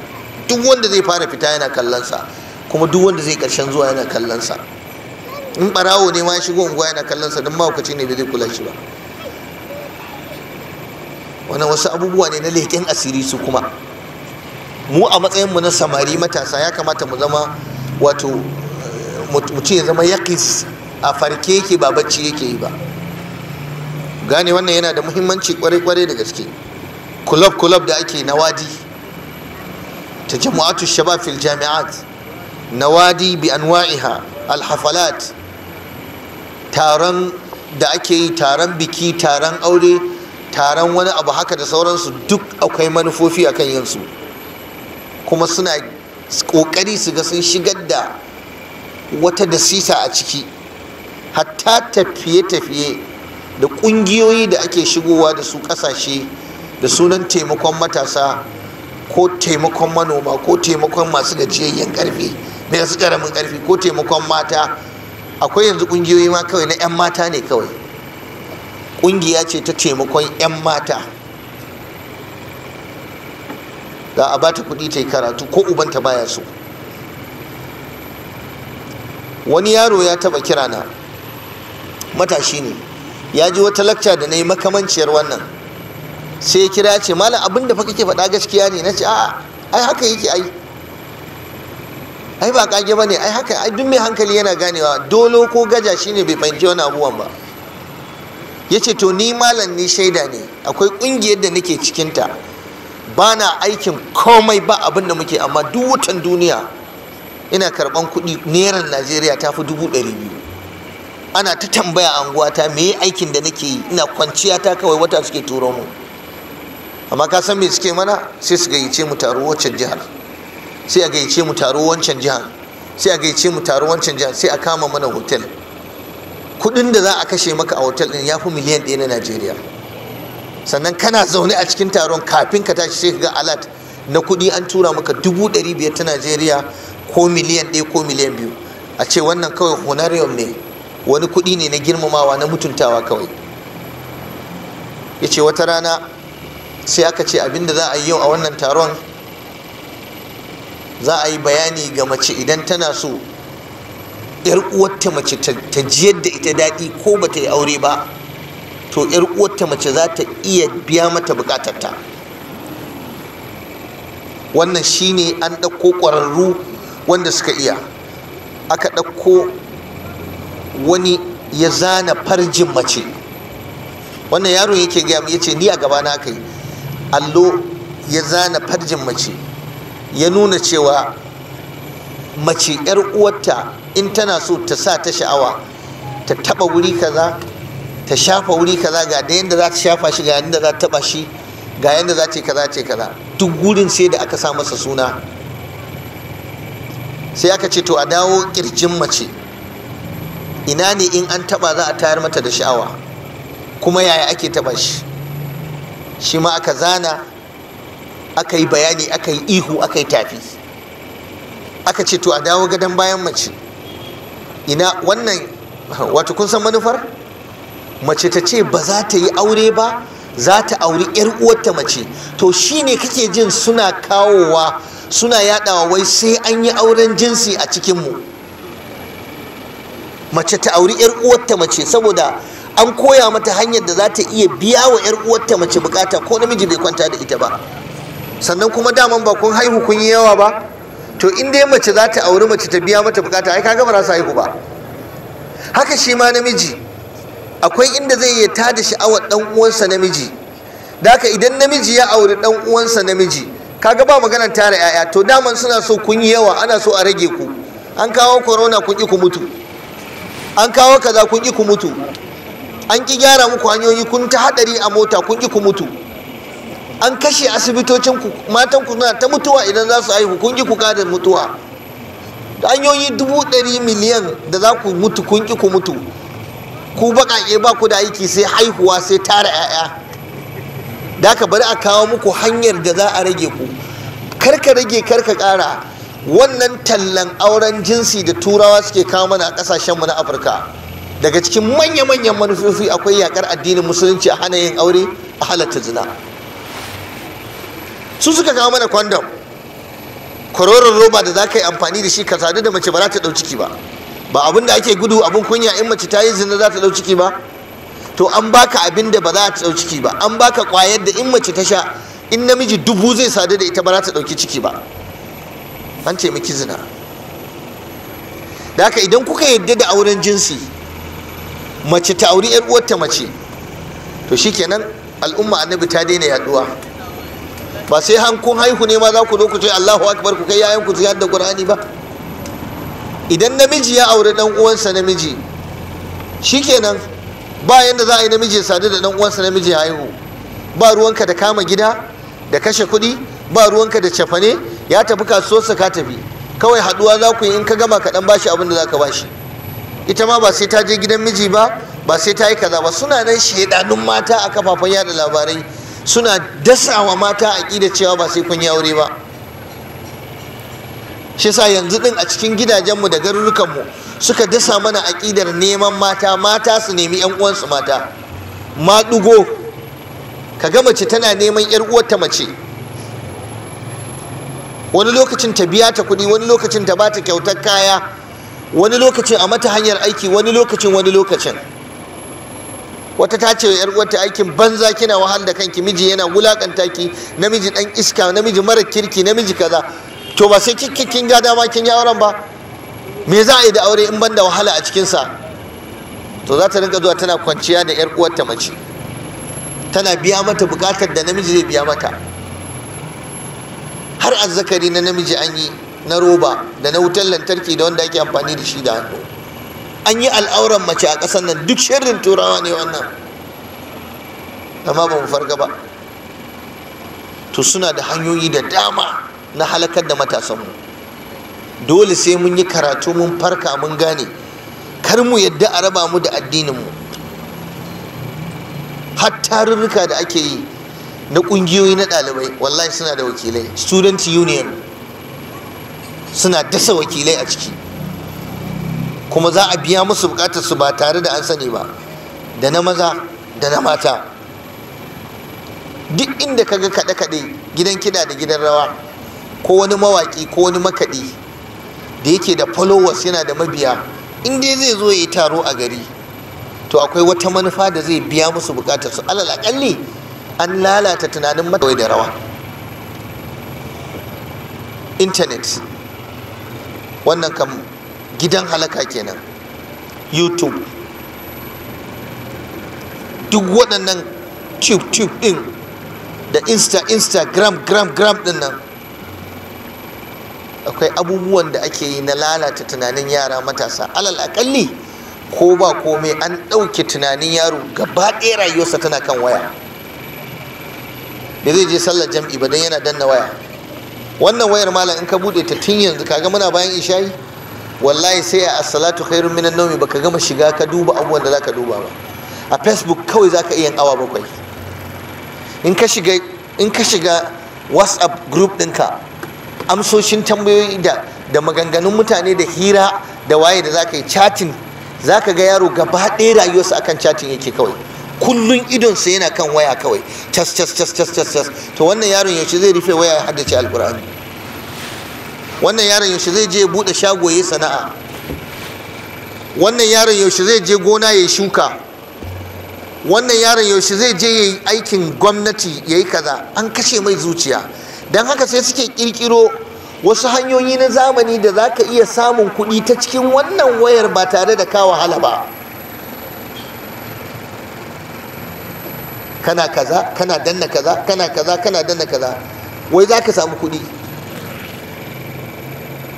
duk wanda zai fara fita yana kallonsa kuma duk wanda zai karshen zuwa yana kallonsa in barawo ne ma shigo unguwa yana kallon sa don mawukaci ne bai zai kula shi ba wannan wasu abubuwa ne na leƙen asiri su kuma mu a matsayin mu na samari matasa ya kamata mu zama wato mutum ya zama yaƙis a farke yake ba bacci yake yi ba gane wannan yana da muhimmanci kwarai-kwarai da gaske kulob-kulob da ake na wadi ta jama'atu shabab fil jami'at na wadi bi anwa'iha alhafalat taron da ake yi taron biki taron aure taron wani abu haka da sauransu duk akwai manufofi a kan yinsu kuma suna kokari su ga sun shigar da wata dasisa a ciki hatta tafiye-tafiye da kungiyoyi da ake shigowa da su kasashe da sunan taimakon matasa ko taimakon manoma ko taimakon masu gajiyayyen karfi su karamin karfi ko taimakon mata akwai yanzu ƙungiyoyi ma kawai na 'yan mata ne kawai kungiya ce ta taimakon 'yan mata da a bata kuɗi ta yi karatu ko ubanta baya so wani yaro ya taba kira na matashi ne ya ji wata lakca da na yi makamanciyar wannan sai ya kira ce malam abin da fa kake faɗa gaskiya ne na ce a'a ai haka yake ai ai ba kage ne ai haka ai duk mai hankali yana ganewa dolo ko gaja shine bai fahimci wani abubuwan ba yace to ni malam ni shaida ne akwai kungiyar da nake cikin ta bana aikin komai ba abin da muke amma duk wutan duniya ina karban kuɗi neran Najeriya ta fi dubu ɗari biyu ana ta tambaya anguwata me aikin da nake yi ina kwanciya ta kawai wata suke turo mu amma ka san me suke mana sai su gayyace mu taro wacce jihar sai a gayyace mu taro wancan jihar sai a gayyace mu taro wancan jihar sai a kama mana hotel kudin da za a kashe maka a hotel din ya fi miliyan ɗaya na najeriya sannan kana zaune a cikin taron kafin ka tashi sai ga alat na kudi an tura maka dubu ɗari biyar ta najeriya ko miliyan ɗaya ko miliyan biyu a ce wannan kawai honorarium ne wani kudi ne na girmamawa na mutuntawa kawai ya ce wata rana sai aka ce abinda za a yi yau a wannan taron za a yi bayani ga mace idan tana so yar uwarta mace ta jiyar da ita daɗi ko ba ta yi aure ba to yar uwarta mace za ta iya biya mata bukatarta wannan shine an ɗauko ƙwararru wanda suka iya aka ɗauko wani ya zana farjin mace wannan yaron yake gaya ya ce ni a gabana aka yi allo ya zana farjin mace ya nuna cewa mace yar uwarta in tana so ta sa ta sha'awa ta taba wuri kaza ta shafa wuri kaza ga da yadda za ta shafa shi ga yadda za ta taba shi ga yadda za ta yi kaza ce kaza duk gurin sai da aka sa masa suna sai aka ce to a dawo kirjin mace ina ne in an taba za a tayar mata da sha'awa kuma yaya ake taba shi shi ma aka zana aka yi bayani aka yi ihu aka yi tafi aka ce to a dawo gadon bayan mace ina wannan wato kun san manufar mace ta ce ba za ta yi aure ba za ta auri yar uwarta mace to shi ne kake jin suna kawowa suna yadawa wai sai an yi auren jinsi a cikinmu mace ta auri yar uwarta mace saboda an koya mata hanyar da za ta iya biya wa yar uwarta mace bukata ko namiji bai kwanta da ita ba sannan kuma daman ba kun haihu kun yi yawa ba to inda ya mace za ta auri mace ta biya mata bukata ai kaga ba za su haihu ba haka shi ma namiji akwai inda zai iya tada sha'awar dan uwansa namiji daka idan namiji ya auri dan uwansa namiji kaga ba maganar tara yaya to daman suna so kun yi yawa ana so a rage ku an kawo corona kun ki ku mutu an kawo kaza kun ki ku mutu an ki gyara muku hanyoyi kun ta hadari a mota kun ki ku mutu an kashe asibitocin ku matan ku na ta mutuwa idan za su haihu kun ki ku kada mutuwa hanyoyi dubu ɗari miliyan da za ku mutu kun ki ku mutu ku baƙaƙe ba ku da aiki sai haihuwa sai tara 'ya'ya da aka bari a kawo muku hanyar da za a rage ku karka rage karka ƙara wannan tallan auren jinsi da turawa suke kawo mana a ƙasashenmu na afirka daga cikin manya-manyan manufofi akwai yakar addinin musulunci a hana yin aure a halatta zina su suka kawo mana kwandam kwaroron roba da za ka yi amfani da shi ka sadu da mace ba za ta ɗau ciki ba ba abin da ake gudu abin kunya in mace ta yi zina za ta ɗau ciki ba to an baka abin da ba za ta ɗau ciki ba an baka ƙwayar da in mace ta sha in namiji dubu zai sadu da ita ba za ta ɗauki ciki ba an ce miki zina da haka idan kuka yadda da auren jinsi mace ta auri 'yar uwarta mace to shikenan al'umma annabi ta daina yaduwa ba sai hankun haihu ne ma za ku zo ku ce Allahu akbar ku kai yayan ku ziyar da Qur'ani ba idan namiji ya aure dan uwansa namiji shikenan ba yanda za a yi namiji ya sadu da dan uwansa namiji ya haihu ba ruwanka da kama gida da kashe kuɗi ba ruwanka da cafane ya tafi kasuwarsa ka tafi kawai haduwa za ku yi in ka gama ka dan bashi abin da za ka bashi ita ma ba sai ta je gidan miji ba ba sai ta yi kaza ba suna nan shedanun mata a kafafen yada labarai suna dasa wa mata aƙida cewa ba sai kun yi aure ba shi sa yanzu ɗin a cikin gidajenmu da garurukanmu suka dasa mana aƙidar neman mata mata su nemi 'yan uwansu mata maɗugo ka ga mace tana neman 'yar uwarta mace wani lokacin ta biya ta kuɗi wani lokacin ta ba ta kyautar kaya wani lokacin a mata hanyar aiki wani lokacin wani lokacin wata ta ce yar uwarta aikin banza kina wahal da kanki miji yana wulakanta ki namiji dan iska namiji mara kirki namiji kaza to ba sai kikki kin ga dama kin yi auren ba me za a yi da aure in banda wahala a cikin sa to za ta rinka zuwa tana kwanciya da yar uwarta mace tana biya mata bukatar da namiji zai biya mata har azzakari na namiji an yi na roba da na wutar lantarki da wanda ake amfani da shi da hannu an yi al'auran mace a ƙasar nan duk shirin turawa ne wannan amma ba mu farga ba to suna da hanyoyi da dama na halakar da matasanmu dole sai mun yi karatu mun farka mun gane kar mu yadda a raba mu da addininmu har tarurruka da ake yi na ƙungiyoyi na ɗalibai wallahi suna da wakilai student union suna dasa wakilai a ciki kuma za a biya musu bukatar su ba tare da an sani ba da na maza da na mata duk inda kaga kaɗe-kaɗe gidan kiɗa da gidan rawa ko wani mawaƙi ko wani makaɗi da yake da followers yana da mabiya in dai zai zo ya yi taro a gari to akwai wata manufa da zai biya musu bukatar su alal akalli an lalata tunanin matawai da rawa intanet wannan kam gidan halaka kenan youtube duk waɗannan tube tube ɗin da insta instagram gram gram ɗin nan akwai abubuwan da ake yi na lalata tunanin yara matasa alal akalli ko ba komai an ɗauke tunanin yaro gaba ɗaya rayuwarsa tana kan waya da zai je sallar jam'i ba don yana danna waya wannan wayar malam in ka buɗe ta tun yanzu kaga muna bayan ishayi wallahi sai a salatu khairun minan naumi baka gama shiga ka duba abubuwan da ka duba ba a facebook kawai zaka iya awa bakwai in ka shiga in ka shiga whatsapp group ɗinka amsoshin tambayoyi da maganganun mutane da hira da waye da zaka yi chatting zaka ga yaro gaba ɗaya rayuwarsa akan chatting yake kawai kullun idonsa yana kan waya kawai cas cas cas cas cas to wannan yaron yaushe zai rufe waya haddace alkur'ani wannan yaron yaushe zai je buɗe shago ya sana'a wannan yaron yaushe zai je gona ya shuka wannan yaron yaushe zai je ya yi aikin gwamnati ya yi kaza an kashe mai zuciya don haka sai suke kirkiro wasu hanyoyi na zamani da za ka iya samun kuɗi ta cikin wannan wayar ba tare da kawo wahala ba kana kaza kana danna kaza kana kaza kana danna kaza wai za ka samu kuɗi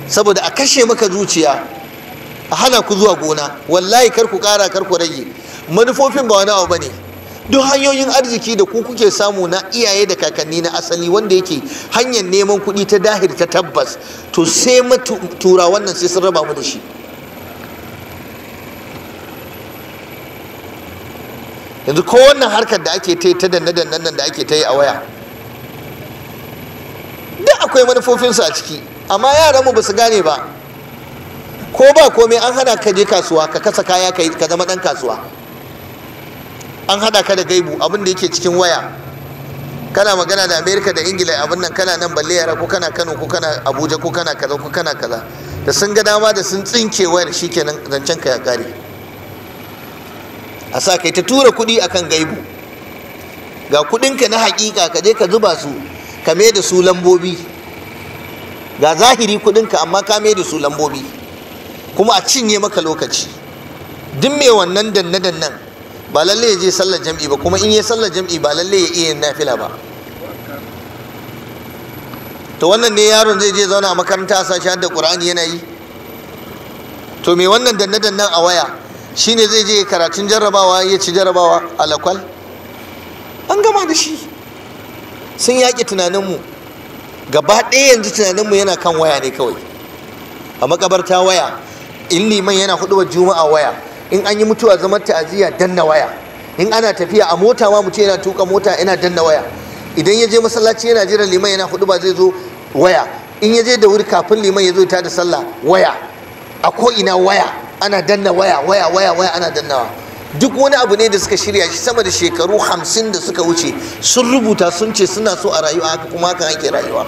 saboda a kashe maka zuciya a hana ku zuwa gona wallahi kar ku kara kar ku rage manufofin ba wani abu bane duk hanyoyin arziki da ku kuke samu na iyaye da kakanni na asali wanda yake hanyar neman kuɗi ta dahir ta tabbas to sai tura wannan sai sun raba mu da shi yanzu ko wannan harkar da ake ta ta danne da ake ta yi a waya duk akwai manufofinsu a ciki amma yaran mu basu gane ba ko ba komai an hana ka je kasuwa ka kasa kaya ka zama ɗan kasuwa an hada ka da gaibu abin da yake cikin waya kana magana da amerika da ingila abin nan kana nan balle yara ko kana kano ko kana abuja ko kana kaza ko kana kaza da sun ga dama da sun tsinke wayar shikenan zancen ka ya kare a sa kai ta tura kuɗi akan gaibu ga kuɗinka na hakika ka je ka zuba su ka mai da su lambobi ga zahiri kudinka amma ka mai da su lambobi kuma a cinye maka lokaci duk mai wannan danne dannan ba lalle ya je sallar jam'i ba kuma in ya sallar jam'i ba lalle ya iya nafila ba to wannan ne yaron zai je zauna a makaranta sa shi da qur'ani yana yi to mai wannan danne dannan a waya shine zai je karatun jarrabawa ya ci jarrabawa alakwal an gama da shi sun yaƙi tunaninmu mu gaba ɗaya yanzu tunaninmu yana kan waya ne kawai a makabarta waya in liman yana hudu juma'a waya in an yi mutuwa zaman ta'aziyya danna waya in ana tafiya a mota ma mutum yana tuka mota yana danna waya idan ya je masallaci yana jiran liman yana hudu zai zo waya in ya je da wuri kafin liman ya zo ta da sallah waya a ko'ina ina waya ana danna waya waya waya waya ana dannawa duk wani abu ne da suka shirya shi sama da shekaru hamsin da suka wuce sun rubuta sun ce suna so a rayuwa haka kuma haka ake rayuwa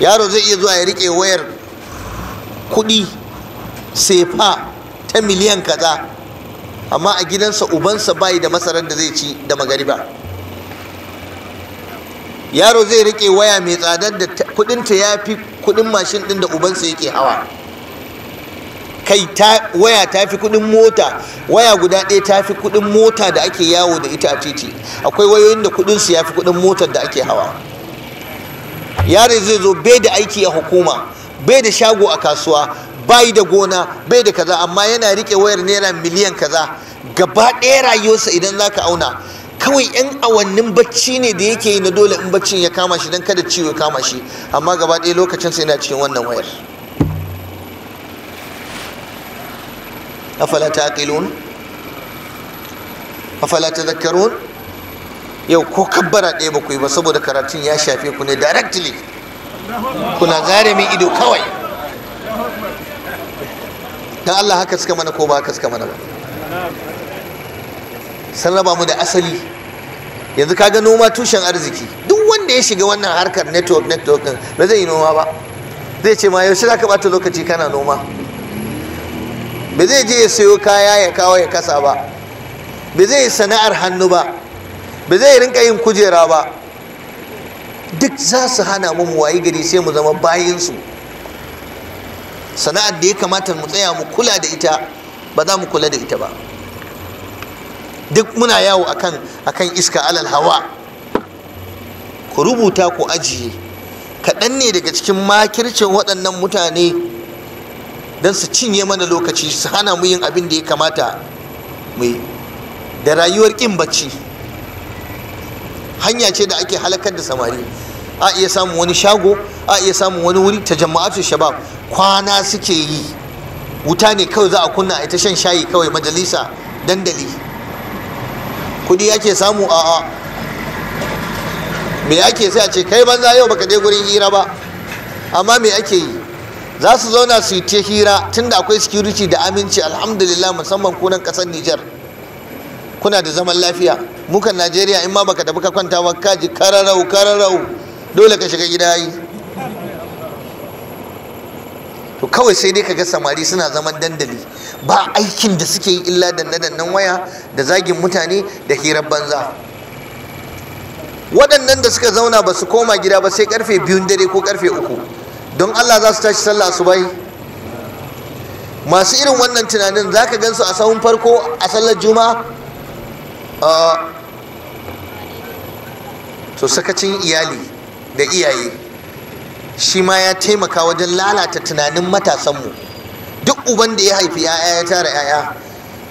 yaro zai iya zuwa ya rike wayar kuɗi sefa ta miliyan kaza amma a gidansa ubansa bayi da masarar da zai ci da magariba yaro zai rike waya mai tsadar da kudinta ya fi kudin mashin din da ubansa yake hawa kai ta waya ta fi kudin mota waya guda ɗaya ta fi kudin mota da ake yawo da ita a titi akwai wayoyin da kudin su ya fi kudin motar da ake hawa yare zai zo bai da aiki a hukuma bai da shago a kasuwa bai da gona bai da kaza amma yana rike wayar naira miliyan kaza gaba ɗaya rayuwarsa idan za ka auna kawai 'yan awannin bacci ne da yake yi na dole in baccin ya kama shi don kada ciwo ya kama shi amma gaba ɗaya lokacinsa yana cikin wannan wayar afala taqilun afala tadhakkarun yau ko kabbara ɗaya ba ku yi ba saboda karatun ya shafe ku ne directly kuna zare min ido kawai dan Allah haka suka mana ko ba haka suka mana ba sun raba mu da asali yanzu kaga noma tushen arziki duk wanda ya shiga wannan harkar network network din ba zai yi noma ba zai ce ma yaushe zaka bata lokaci kana noma ba zai je ya sayo kaya ya kawo ya kasa ba ba zai yi sana'ar hannu ba ba zai rinka yin kujera ba duk za su hana mu mu wayi gari sai mu zama bayinsu sana'ar da ya kamata mu tsaya mu kula da ita ba za mu kula da ita ba duk muna yawo akan akan iska alal hawa ku rubuta ku ajiye kaɗan ne daga cikin makircin waɗannan mutane don su cinye mana lokaci su hana mu yin abin da ya kamata mai da rayuwar ƙin bacci hanya ce da ake halakar da samari a iya samun wani shago a iya samun wani wuri ta jama'a su shabab kwana suke yi wuta ne kawai za a kunna a ita shan shayi kawai majalisa dandali kudi yake samu a a me ake sai a ce kai banza yau baka je gurin hira ba amma me ake yi za su zauna su yi ta hira tunda akwai security da aminci alhamdulillah musamman kunan kasar Nijar kuna da zaman lafiya mukan Najeriya in ma baka da ka kwanta ba ka ji kararau kararau dole ka shiga gida yi to kawai sai dai ka ga samari suna zaman dandali ba aikin da suke yi illa danne dannan waya da zagin mutane da hirar banza waɗannan da suka zauna ba su koma gida ba sai karfe biyun dare ko karfe uku don Allah za su tashi sallah bai masu irin wannan tunanin za ka gansu a sahun farko a sallar juma'a to sakacin iyali da iyaye shi ma ya taimaka wajen lalata tunanin matasanmu duk uban da ya haifi 'ya'ya ya tara 'ya'ya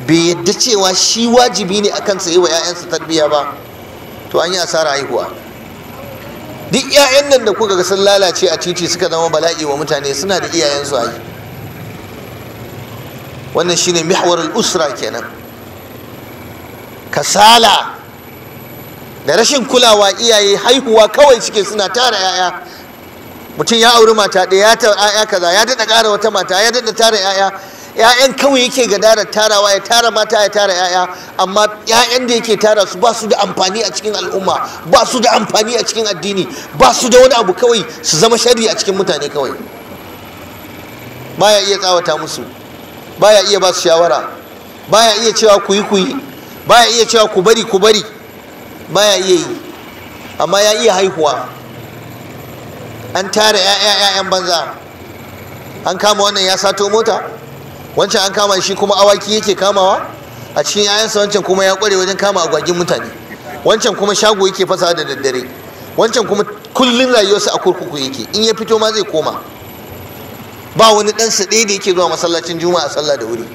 bai yadda cewa shi wajibi ne akan sayi wa 'ya'yansa tarbiyya ba to an yi asara haihuwa duk 'ya'yan nan da kuka ga sun lalace a titi suka zama bala'i wa mutane suna da iyayensu ai wannan shine mihwarul usra kenan kasala da rashin kulawa iyaye haihuwa kawai suke suna tara 'ya'ya mutum ya auri mata ɗaya ya ta 'ya'ya kaza ya daɗa ƙara wata mata ya daɗa tara 'ya'ya 'ya'yan kawai yake dara tarawa ya tara mata ya tara 'ya'ya amma 'ya'yan da yake tara su ba su da amfani a cikin al'umma ba su da amfani a cikin addini ba su da wani abu kawai su zama shari a cikin mutane kawai baya iya tsawata musu baya iya ba su shawara baya iya cewa ku yi ku yi baya iya cewa ku bari ku bari baya iya yi amma ya iya haihuwa an tara 'ya'ya 'ya'yan banza an kama wannan ya sato mota wancan an kama shi kuma awaki yake kamawa a cikin 'ya'yansa wancan kuma ya kware wajen kama agwagin mutane wancan kuma shago yake fasa da daddare wancan kuma kullun rayuwarsa a kurkuku yake in ya fito ma zai koma ba wani ɗansa ɗaya da yake zuwa masallacin juma'a sallah da wuri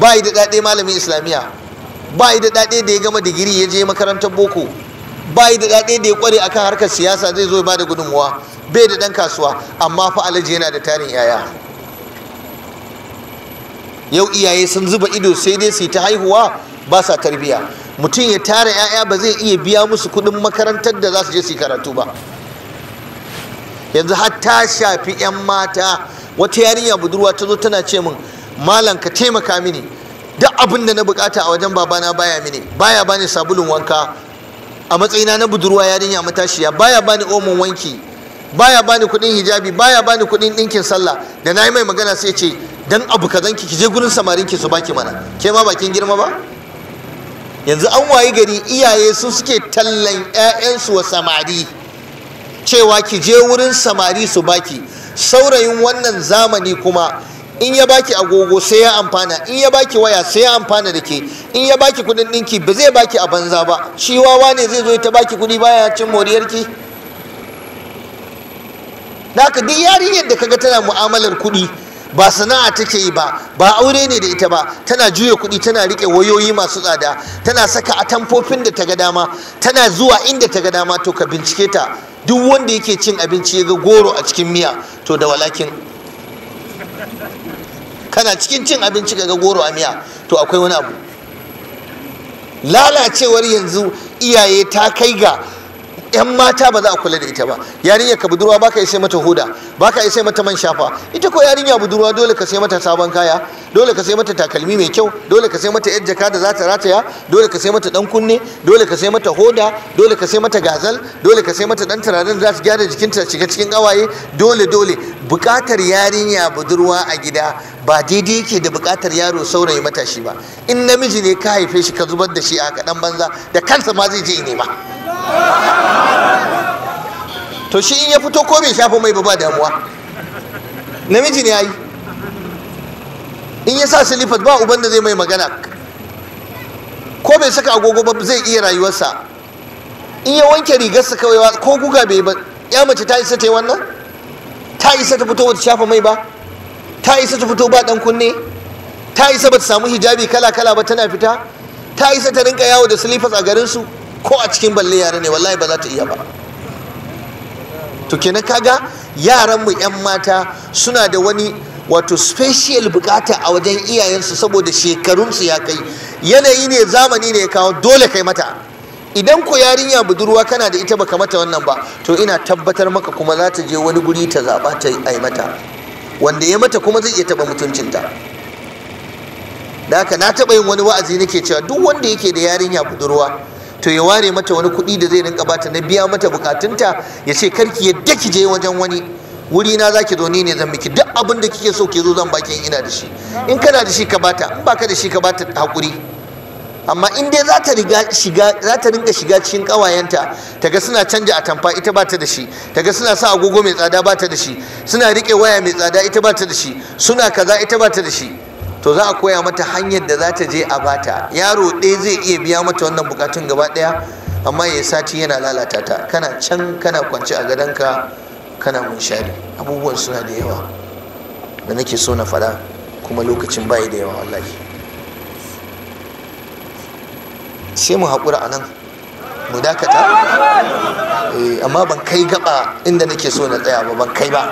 ba yi da dade malamin islamiyya ba yi da dade da ya gama digiri ya je makarantar boko ba yi da dade da ya kware akan harkar siyasa zai zo ya ba da gudunmuwa bai da ɗan kasuwa amma fa alaji yana da tarin yaya yau iyaye sun zuba ido sai dai su ta haihuwa ba sa tarbiya mutum ya tara 'ya'ya ba zai iya biya musu kuɗin makarantar da za su je su karatu ba yanzu har ta shafi 'yan mata wata yarinya budurwa ta zo tana ce min malam ka taimaka mini duk abin da na bukata a wajen babana baya mini baya bani sabulun wanka a matsayina na budurwa yarinya matashiya baya bani omon wanki baya bani kuɗin hijabi baya bani kuɗin ɗinkin sallah da na yi mai magana sai ce dan abu ka ki je gurin samarin ki su baki mana ke ma bakin girma ba yanzu an wayi gari iyaye su suke tallan 'ya'yansu wa samari cewa ki je wurin samari su baki saurayin wannan zamani kuma in ya baki agogo sai ya amfana in ya baki waya sai ya amfana da ke in ya baki kudin dinki ba zai baki a banza ba shi wawa ne zai zo ta baki kudi baya cin moriyarki da haka duk yarinyar da kaga tana mu'amalar kudi ba sana'a take yi ba ba aure ne da ita ba tana juya kuɗi tana riƙe wayoyi masu tsada tana saka atamfofin da ta ga dama tana zuwa inda ta ga dama to ka bincike ta duk wanda yake cin abinci ya ga goro a cikin miya to da walakin kana cikin cin abinci ka ga goro a miya to akwai wani abu lalacewar yanzu iyaye ta kai ga yan mata ba za a kula da ita ba yarinya ka budurwa baka isa mata huda baka isa mata man shafa ita ko yarinya budurwa dole ka sai mata sabon kaya dole ka sai mata takalmi mai kyau dole ka sai mata yar jaka da za ta rataya dole ka sai mata ɗan kunne dole ka sai mata hoda dole ka sai mata gazal dole ka sai mata dan turaren za ta gyara jikinta shiga cikin gawaye dole dole bukatar yarinya budurwa a gida ba daidai yake da bukatar yaro saurayi matashi ba in namiji ne ka haife shi ka zubar da shi a kaɗan banza da kansa ma zai je nema to shi in ya fito ko bai shafa mai ba ba damuwa namiji ne yayi in ya sa silifat ba uban da zai mai magana ko bai saka agogo ba zai iya rayuwarsa in ya wanke rigarsa kawai ko guga bai ba ya mace ta isa ta yi wannan ta isa ta fito wata shafa mai ba ta isa ta fito ba dan kunne ta isa ba ta samu hijabi kala kala ba tana fita ta isa ta rinka yawo da silifas a garinsu ko a cikin balle yare ne wallahi ba za ta iya ba to kenan kaga mu 'yan mata suna da wani wato special bukata a wajen iyayensu saboda shekarunsu ya kai yanayi ne zamani ne ya kawo dole kai mata idan ko yarinya budurwa kana da ita baka mata wannan ba to ina tabbatar maka kuma za ta je wani guri ta zaɓa ta yi mata wanda ya mata kuma zai iya taɓa mutuncinta da haka na taba yin wani wa'azi nake cewa duk wanda yake da yarinya budurwa to ya ware mata wani kuɗi da zai rinka bata na biya mata bukatunta ya ce karki yadda ki je wajen wani wuri na zaki zo ni ne zan miki duk abin da kike so ke zo zan baki ina da shi in kana da shi ka bata in baka da shi ka bata hakuri amma in dai za ta riga shiga za ta rinka shiga cikin kawayenta ta ga suna canja atamfa ita ba ta da shi ta ga suna sa agogo mai tsada ba ta da shi suna rike waya mai tsada ita ba da shi suna kaza ita bata ta da shi to za a koya mata hanyar da za ta je a bata yaro ɗaya zai iya biya mata wannan bukatun gaba ɗaya amma ya sati yana lalata ta kana can kana kwance a gadonka kana munshari abubuwan suna da yawa da nake so na fada kuma lokacin bayi da yawa wallahi sai mu haƙura a nan mu dakata eh, amma ban kai gaba inda nake so na tsaya ba ban kai ba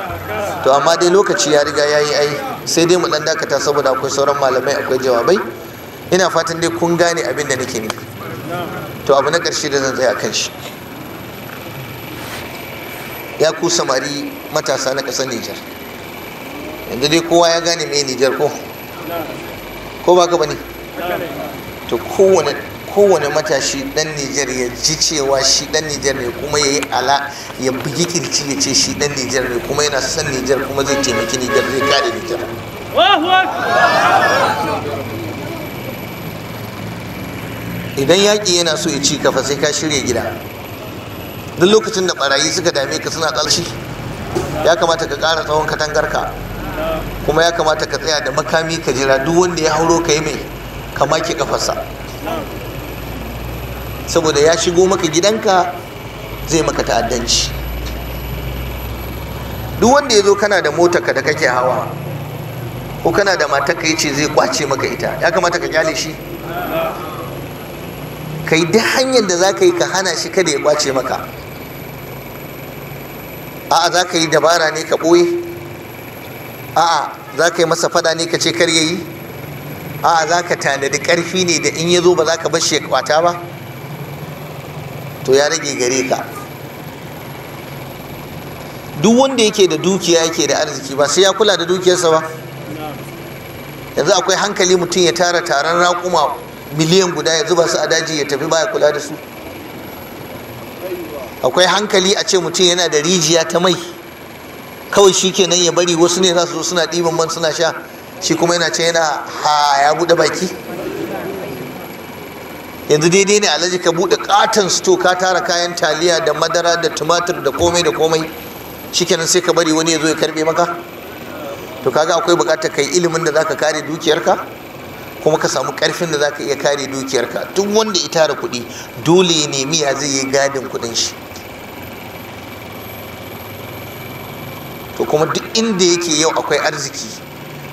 to amma dai lokaci ya riga yayi ai sai dai mu dan dakata saboda akwai sauran malamai akwai jawabai ina fatan dai kun gane abin da nake nufi to abu na ƙarshe da zan tsaya kan shi ya ku samari matasa na ƙasar Nijar yanzu dai kowa ya gane mai Nijar ko ko ba ka bane to kowane kowane matashi dan Nijar ya ji cewa shi dan Nijar ne kuma ya yi ala ya bugi kirci ya ce shi dan Nijar ne kuma yana son Nijar kuma zai taimaki Nijar zai kare Nijar. Idan yaƙi yana so ya ci kafa sai ka shirya gida. Duk lokacin da barayi suka dame ka suna ƙarshi ya kamata ka ƙara tsawon katangarka kuma ya kamata ka tsaya da makami ka jira duk wanda ya hauro ka yi mai ka make kafarsa. saboda ya shigo maka gidanka zai maka ta'addanci duk wanda ya zo kana da mota ka da kake hawa ko kana da matarka ka ce zai kwace maka ita ya kamata ka kyale shi ka yi duk hanyar da za ka yi ka hana shi kada ya kwace maka a'a za ka yi dabara ne ka ɓoye a'a za ka yi masa fada ne ka ce kar ya yi a'a za ka tanadi ƙarfi ne da in ya zo ba za ka bar shi ya kwata ba to ya rage gare ka duk wanda yake da dukiya yake da arziki ba sai ya kula da dukiyarsa ba yanzu akwai hankali mutum ya tara taron raƙuma miliyan guda ya zuba su a daji ya tafi baya kula da su akwai hankali a ce mutum yana da rijiya ta mai kawai shi kenan ya bari wasu ne za su zo suna ɗiban man suna sha shi kuma yana ce yana ha ya buɗe baki yanzu daidai ne alhaji ka buɗe katon sto ka tara kayan taliya da madara da tumatir da komai da komai shikenan sai ka bari wani ya zo ya karbe maka to kaga akwai bukatar kai ilimin da zaka kare dukiyarka kuma ka samu karfin da zaka iya kare dukiyarka duk wanda ya tara kuɗi dole ne miya zai yi gadin kuɗin shi to kuma duk inda yake yau akwai arziki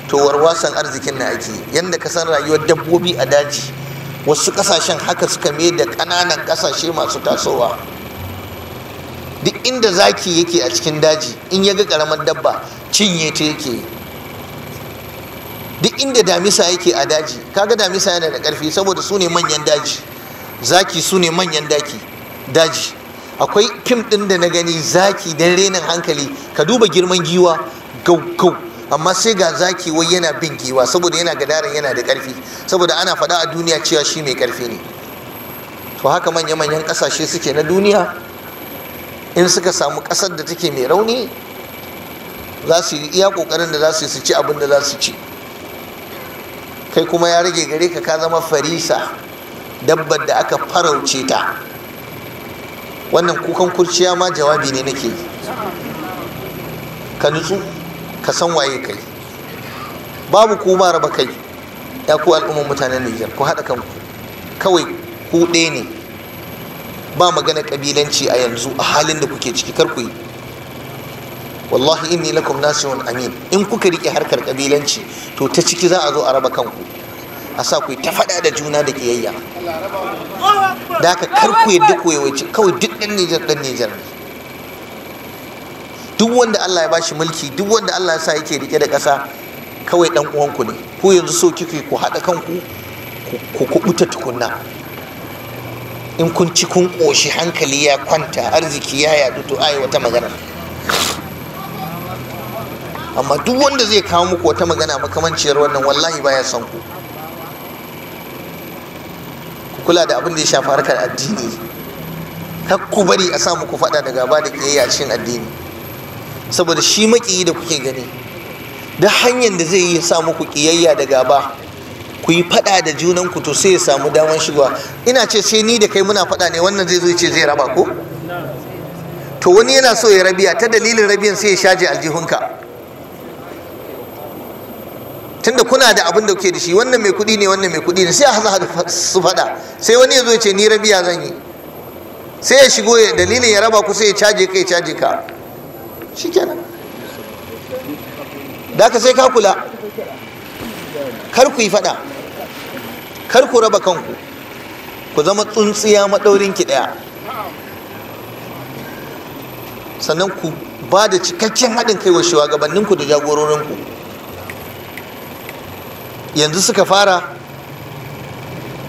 to warwasan arzikin na ake yanda ka san rayuwar dabbobi a daji wasu kasashen haka suka mai da ƙananan kasashe masu tasowa duk inda zaki yake a cikin daji in ya ga ƙaramar dabba cinye ta yake duk inda damisa yake a daji kaga damisa yana da ƙarfi saboda su ne manyan daji zaki su ne manyan daji akwai fim ɗin da na gani zaki dan renin hankali ka duba girman giwa gau gau amma sai ga zaki wai yana bin giwa saboda yana gadaran yana da karfi saboda ana faɗa a duniya cewa shi mai karfi ne to haka manya-manyan ƙasashe suke na duniya in suka samu ƙasar da take mai rauni za su yi iya ƙoƙarin da za su su ci abin da za su ci kai kuma ya rage gare ka ka zama farisa dabbar da aka farauce ta wannan kukan kurciya ma jawabi ne nake ka nutsu ka san waye kai babu ku ba raba kai ya ku al'umman mutanen Nijar ku haɗa kanku kawai ku ɗaya ne ba magana ƙabilanci a yanzu a halin da kuke ciki kar ku yi wallahi inni lakum nasihun amin in kuka rike harkar ƙabilanci to ta ciki za a zo a raba kanku a sa ku ta faɗa da juna da kiyayya da ka kar ku yadda ku yawaici kawai duk ɗan Nijar ɗan Nijar ne duk wanda Allah ya bashi mulki duk wanda Allah ya sa yake rike da ƙasa kawai dan uwanku ne ku yanzu so kike ku haɗa kanku ku kubuta tukunna in kun ci kun ƙoshi hankali ya kwanta arziki ya yaɗu to ai wata magana amma duk wanda zai kawo muku wata magana makamanciyar wannan wallahi baya son ku ku kula da abin da ya shafi harkar addini kar ku bari a sa muku faɗa daga gaba da ƙiyayya cikin addini saboda shi maƙiyi da kuke gani da hanyar da zai yi sa muku ƙiyayya da gaba ku yi faɗa da junanku to sai ya samu damar shigowa ina ce sai ni da kai muna faɗa ne wannan zai zo ce zai raba ko to wani yana so ya rabiya ta dalilin rabiyan sai ya shaje aljihunka tunda kuna da abin da kuke da shi wannan mai kuɗi ne wannan mai kuɗi ne sai a haza su faɗa sai wani ya zo ya ce ni rabiya zan yi sai ya shigo dalilin ya raba ku sai ya caje ka ya caje ka shikenan da ka sai ka kula kar ku yi fada kar ku raba kanku ku zama tsuntsiya maɗaurin ki ɗaya sannan ku ba da cikakken haɗin kai wa shugabanninku da ku yanzu suka fara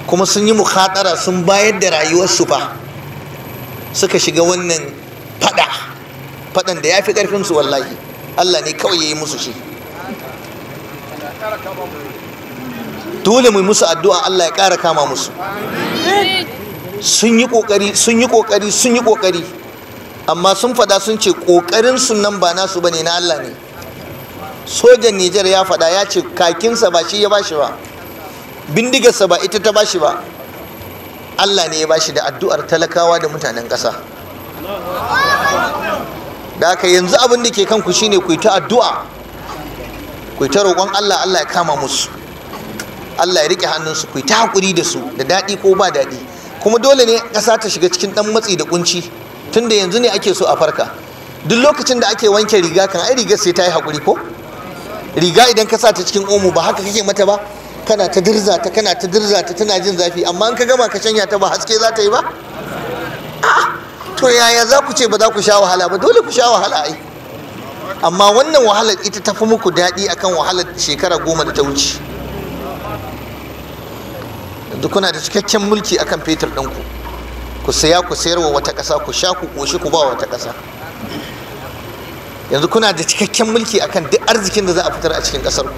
kuma sun yi mukhatara sun bayar da rayuwarsu fa suka shiga wannan fada faɗan da ya fi ƙarfinsu wallahi Allah ne kawai ya yi musu shi dole mu musu addu'a Allah ya ƙara kama musu sun yi ƙoƙari sun yi ƙoƙari sun yi ƙoƙari amma sun faɗa sun ce ƙoƙarinsu nan ba nasu bane na Allah ne sojan Nijar ya faɗa ya ce kakinsa ba shi ya bashi ba bindigarsa ba ita ta bashi ba Allah ne ya bashi da addu'ar talakawa da mutanen ƙasa da aka yanzu abin da ke ku shine ku yi ta addu'a ku yi ta roƙon Allah Allah ya kama musu Allah ya rike hannunsu ku yi ta haƙuri da su da daɗi ko ba daɗi kuma dole ne ƙasa ta shiga cikin ɗan matsi da ƙunci tunda yanzu ne ake so a farka duk lokacin da ake wanke riga kan ai riga sai ta yi haƙuri ko riga idan ka sa ta cikin omo ba haka kake mata ba kana ta dirza ta kana ta dirza ta tana jin zafi amma in ka gama ka shanya ta ba haske za ta yi ba to yaya za ku ce ba za ku sha wahala ba dole ku sha wahala ai amma wannan wahalar ita ta fi muku daɗi akan wahalar shekara goma da ta wuce yanzu kuna da cikakken mulki akan fetur ɗinku ku saya ku sayar wa wata ƙasa ku sha ku ƙoshi ku ba wata ƙasa yanzu kuna da cikakken mulki akan duk arzikin da za a fitar a cikin ƙasar ku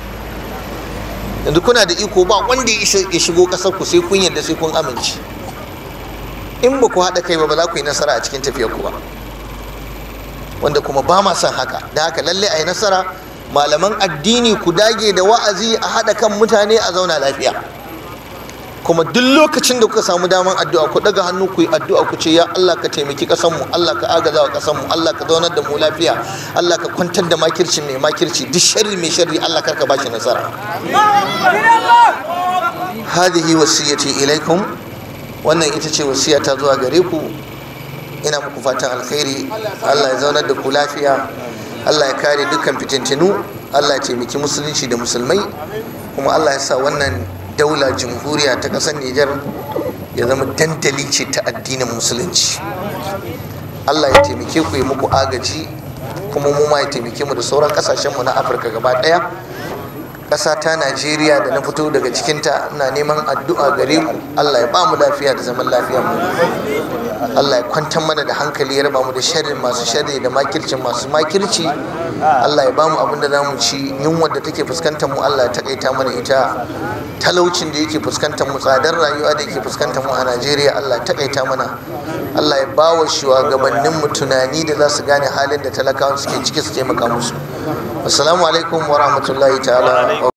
yanzu kuna da iko ba wanda ya shigo ƙasar ku sai kun yarda sai kun amince in ba ku haɗa kai ba za ku yi nasara a cikin tafiyar ku ba wanda kuma ba ma son haka da haka lalle a yi nasara malaman addini ku dage da wa'azi a haɗa kan mutane a zauna lafiya kuma duk lokacin da kuka samu daman addu'a ku daga hannu ku yi addu'a ku ce ya Allah ka taimaki ƙasanmu Allah ka agaza wa ƙasanmu Allah ka zaunar da mu lafiya Allah ka kwantar da makirci mai makirci duk sharri mai sharri Allah karka bashi nasara hadihi wasiyati ilaikum wannan ita ce wasiya ta zuwa gare ku ina muku fatan alkhairi allah ya zaunar da ku lafiya allah ya kare dukkan fitintinu allah ya taimaki musulunci da musulmai kuma allah ya sa wannan daula jamhuriya ta ƙasar nijar ya zama dandali ce ta addinin musulunci allah ya taimake ku ya muku agaji kuma mu ma ya taimake mu da sauran mu na afirka gaba ɗaya ƙasa ta najeriya da na fito daga cikinta na neman addu'a gare ku allah ya ba mu lafiya da zaman lafiya mu allah ya kwanta mana da hankali ya raba mu da sharri masu sharri da makircin masu makirci allah ya ba mu abin da za mu ci yunwar da take fuskantar mu allah ya takaita mana ita talaucin da yake fuskantar mu tsadar rayuwa da yake fuskantar mu a najeriya allah ya takaita mana Allah ya ba wa mu tunani da za su gane halin da talakawa suke ciki su taimaka musu assalamu alaikum wa rahmatullahi ta'ala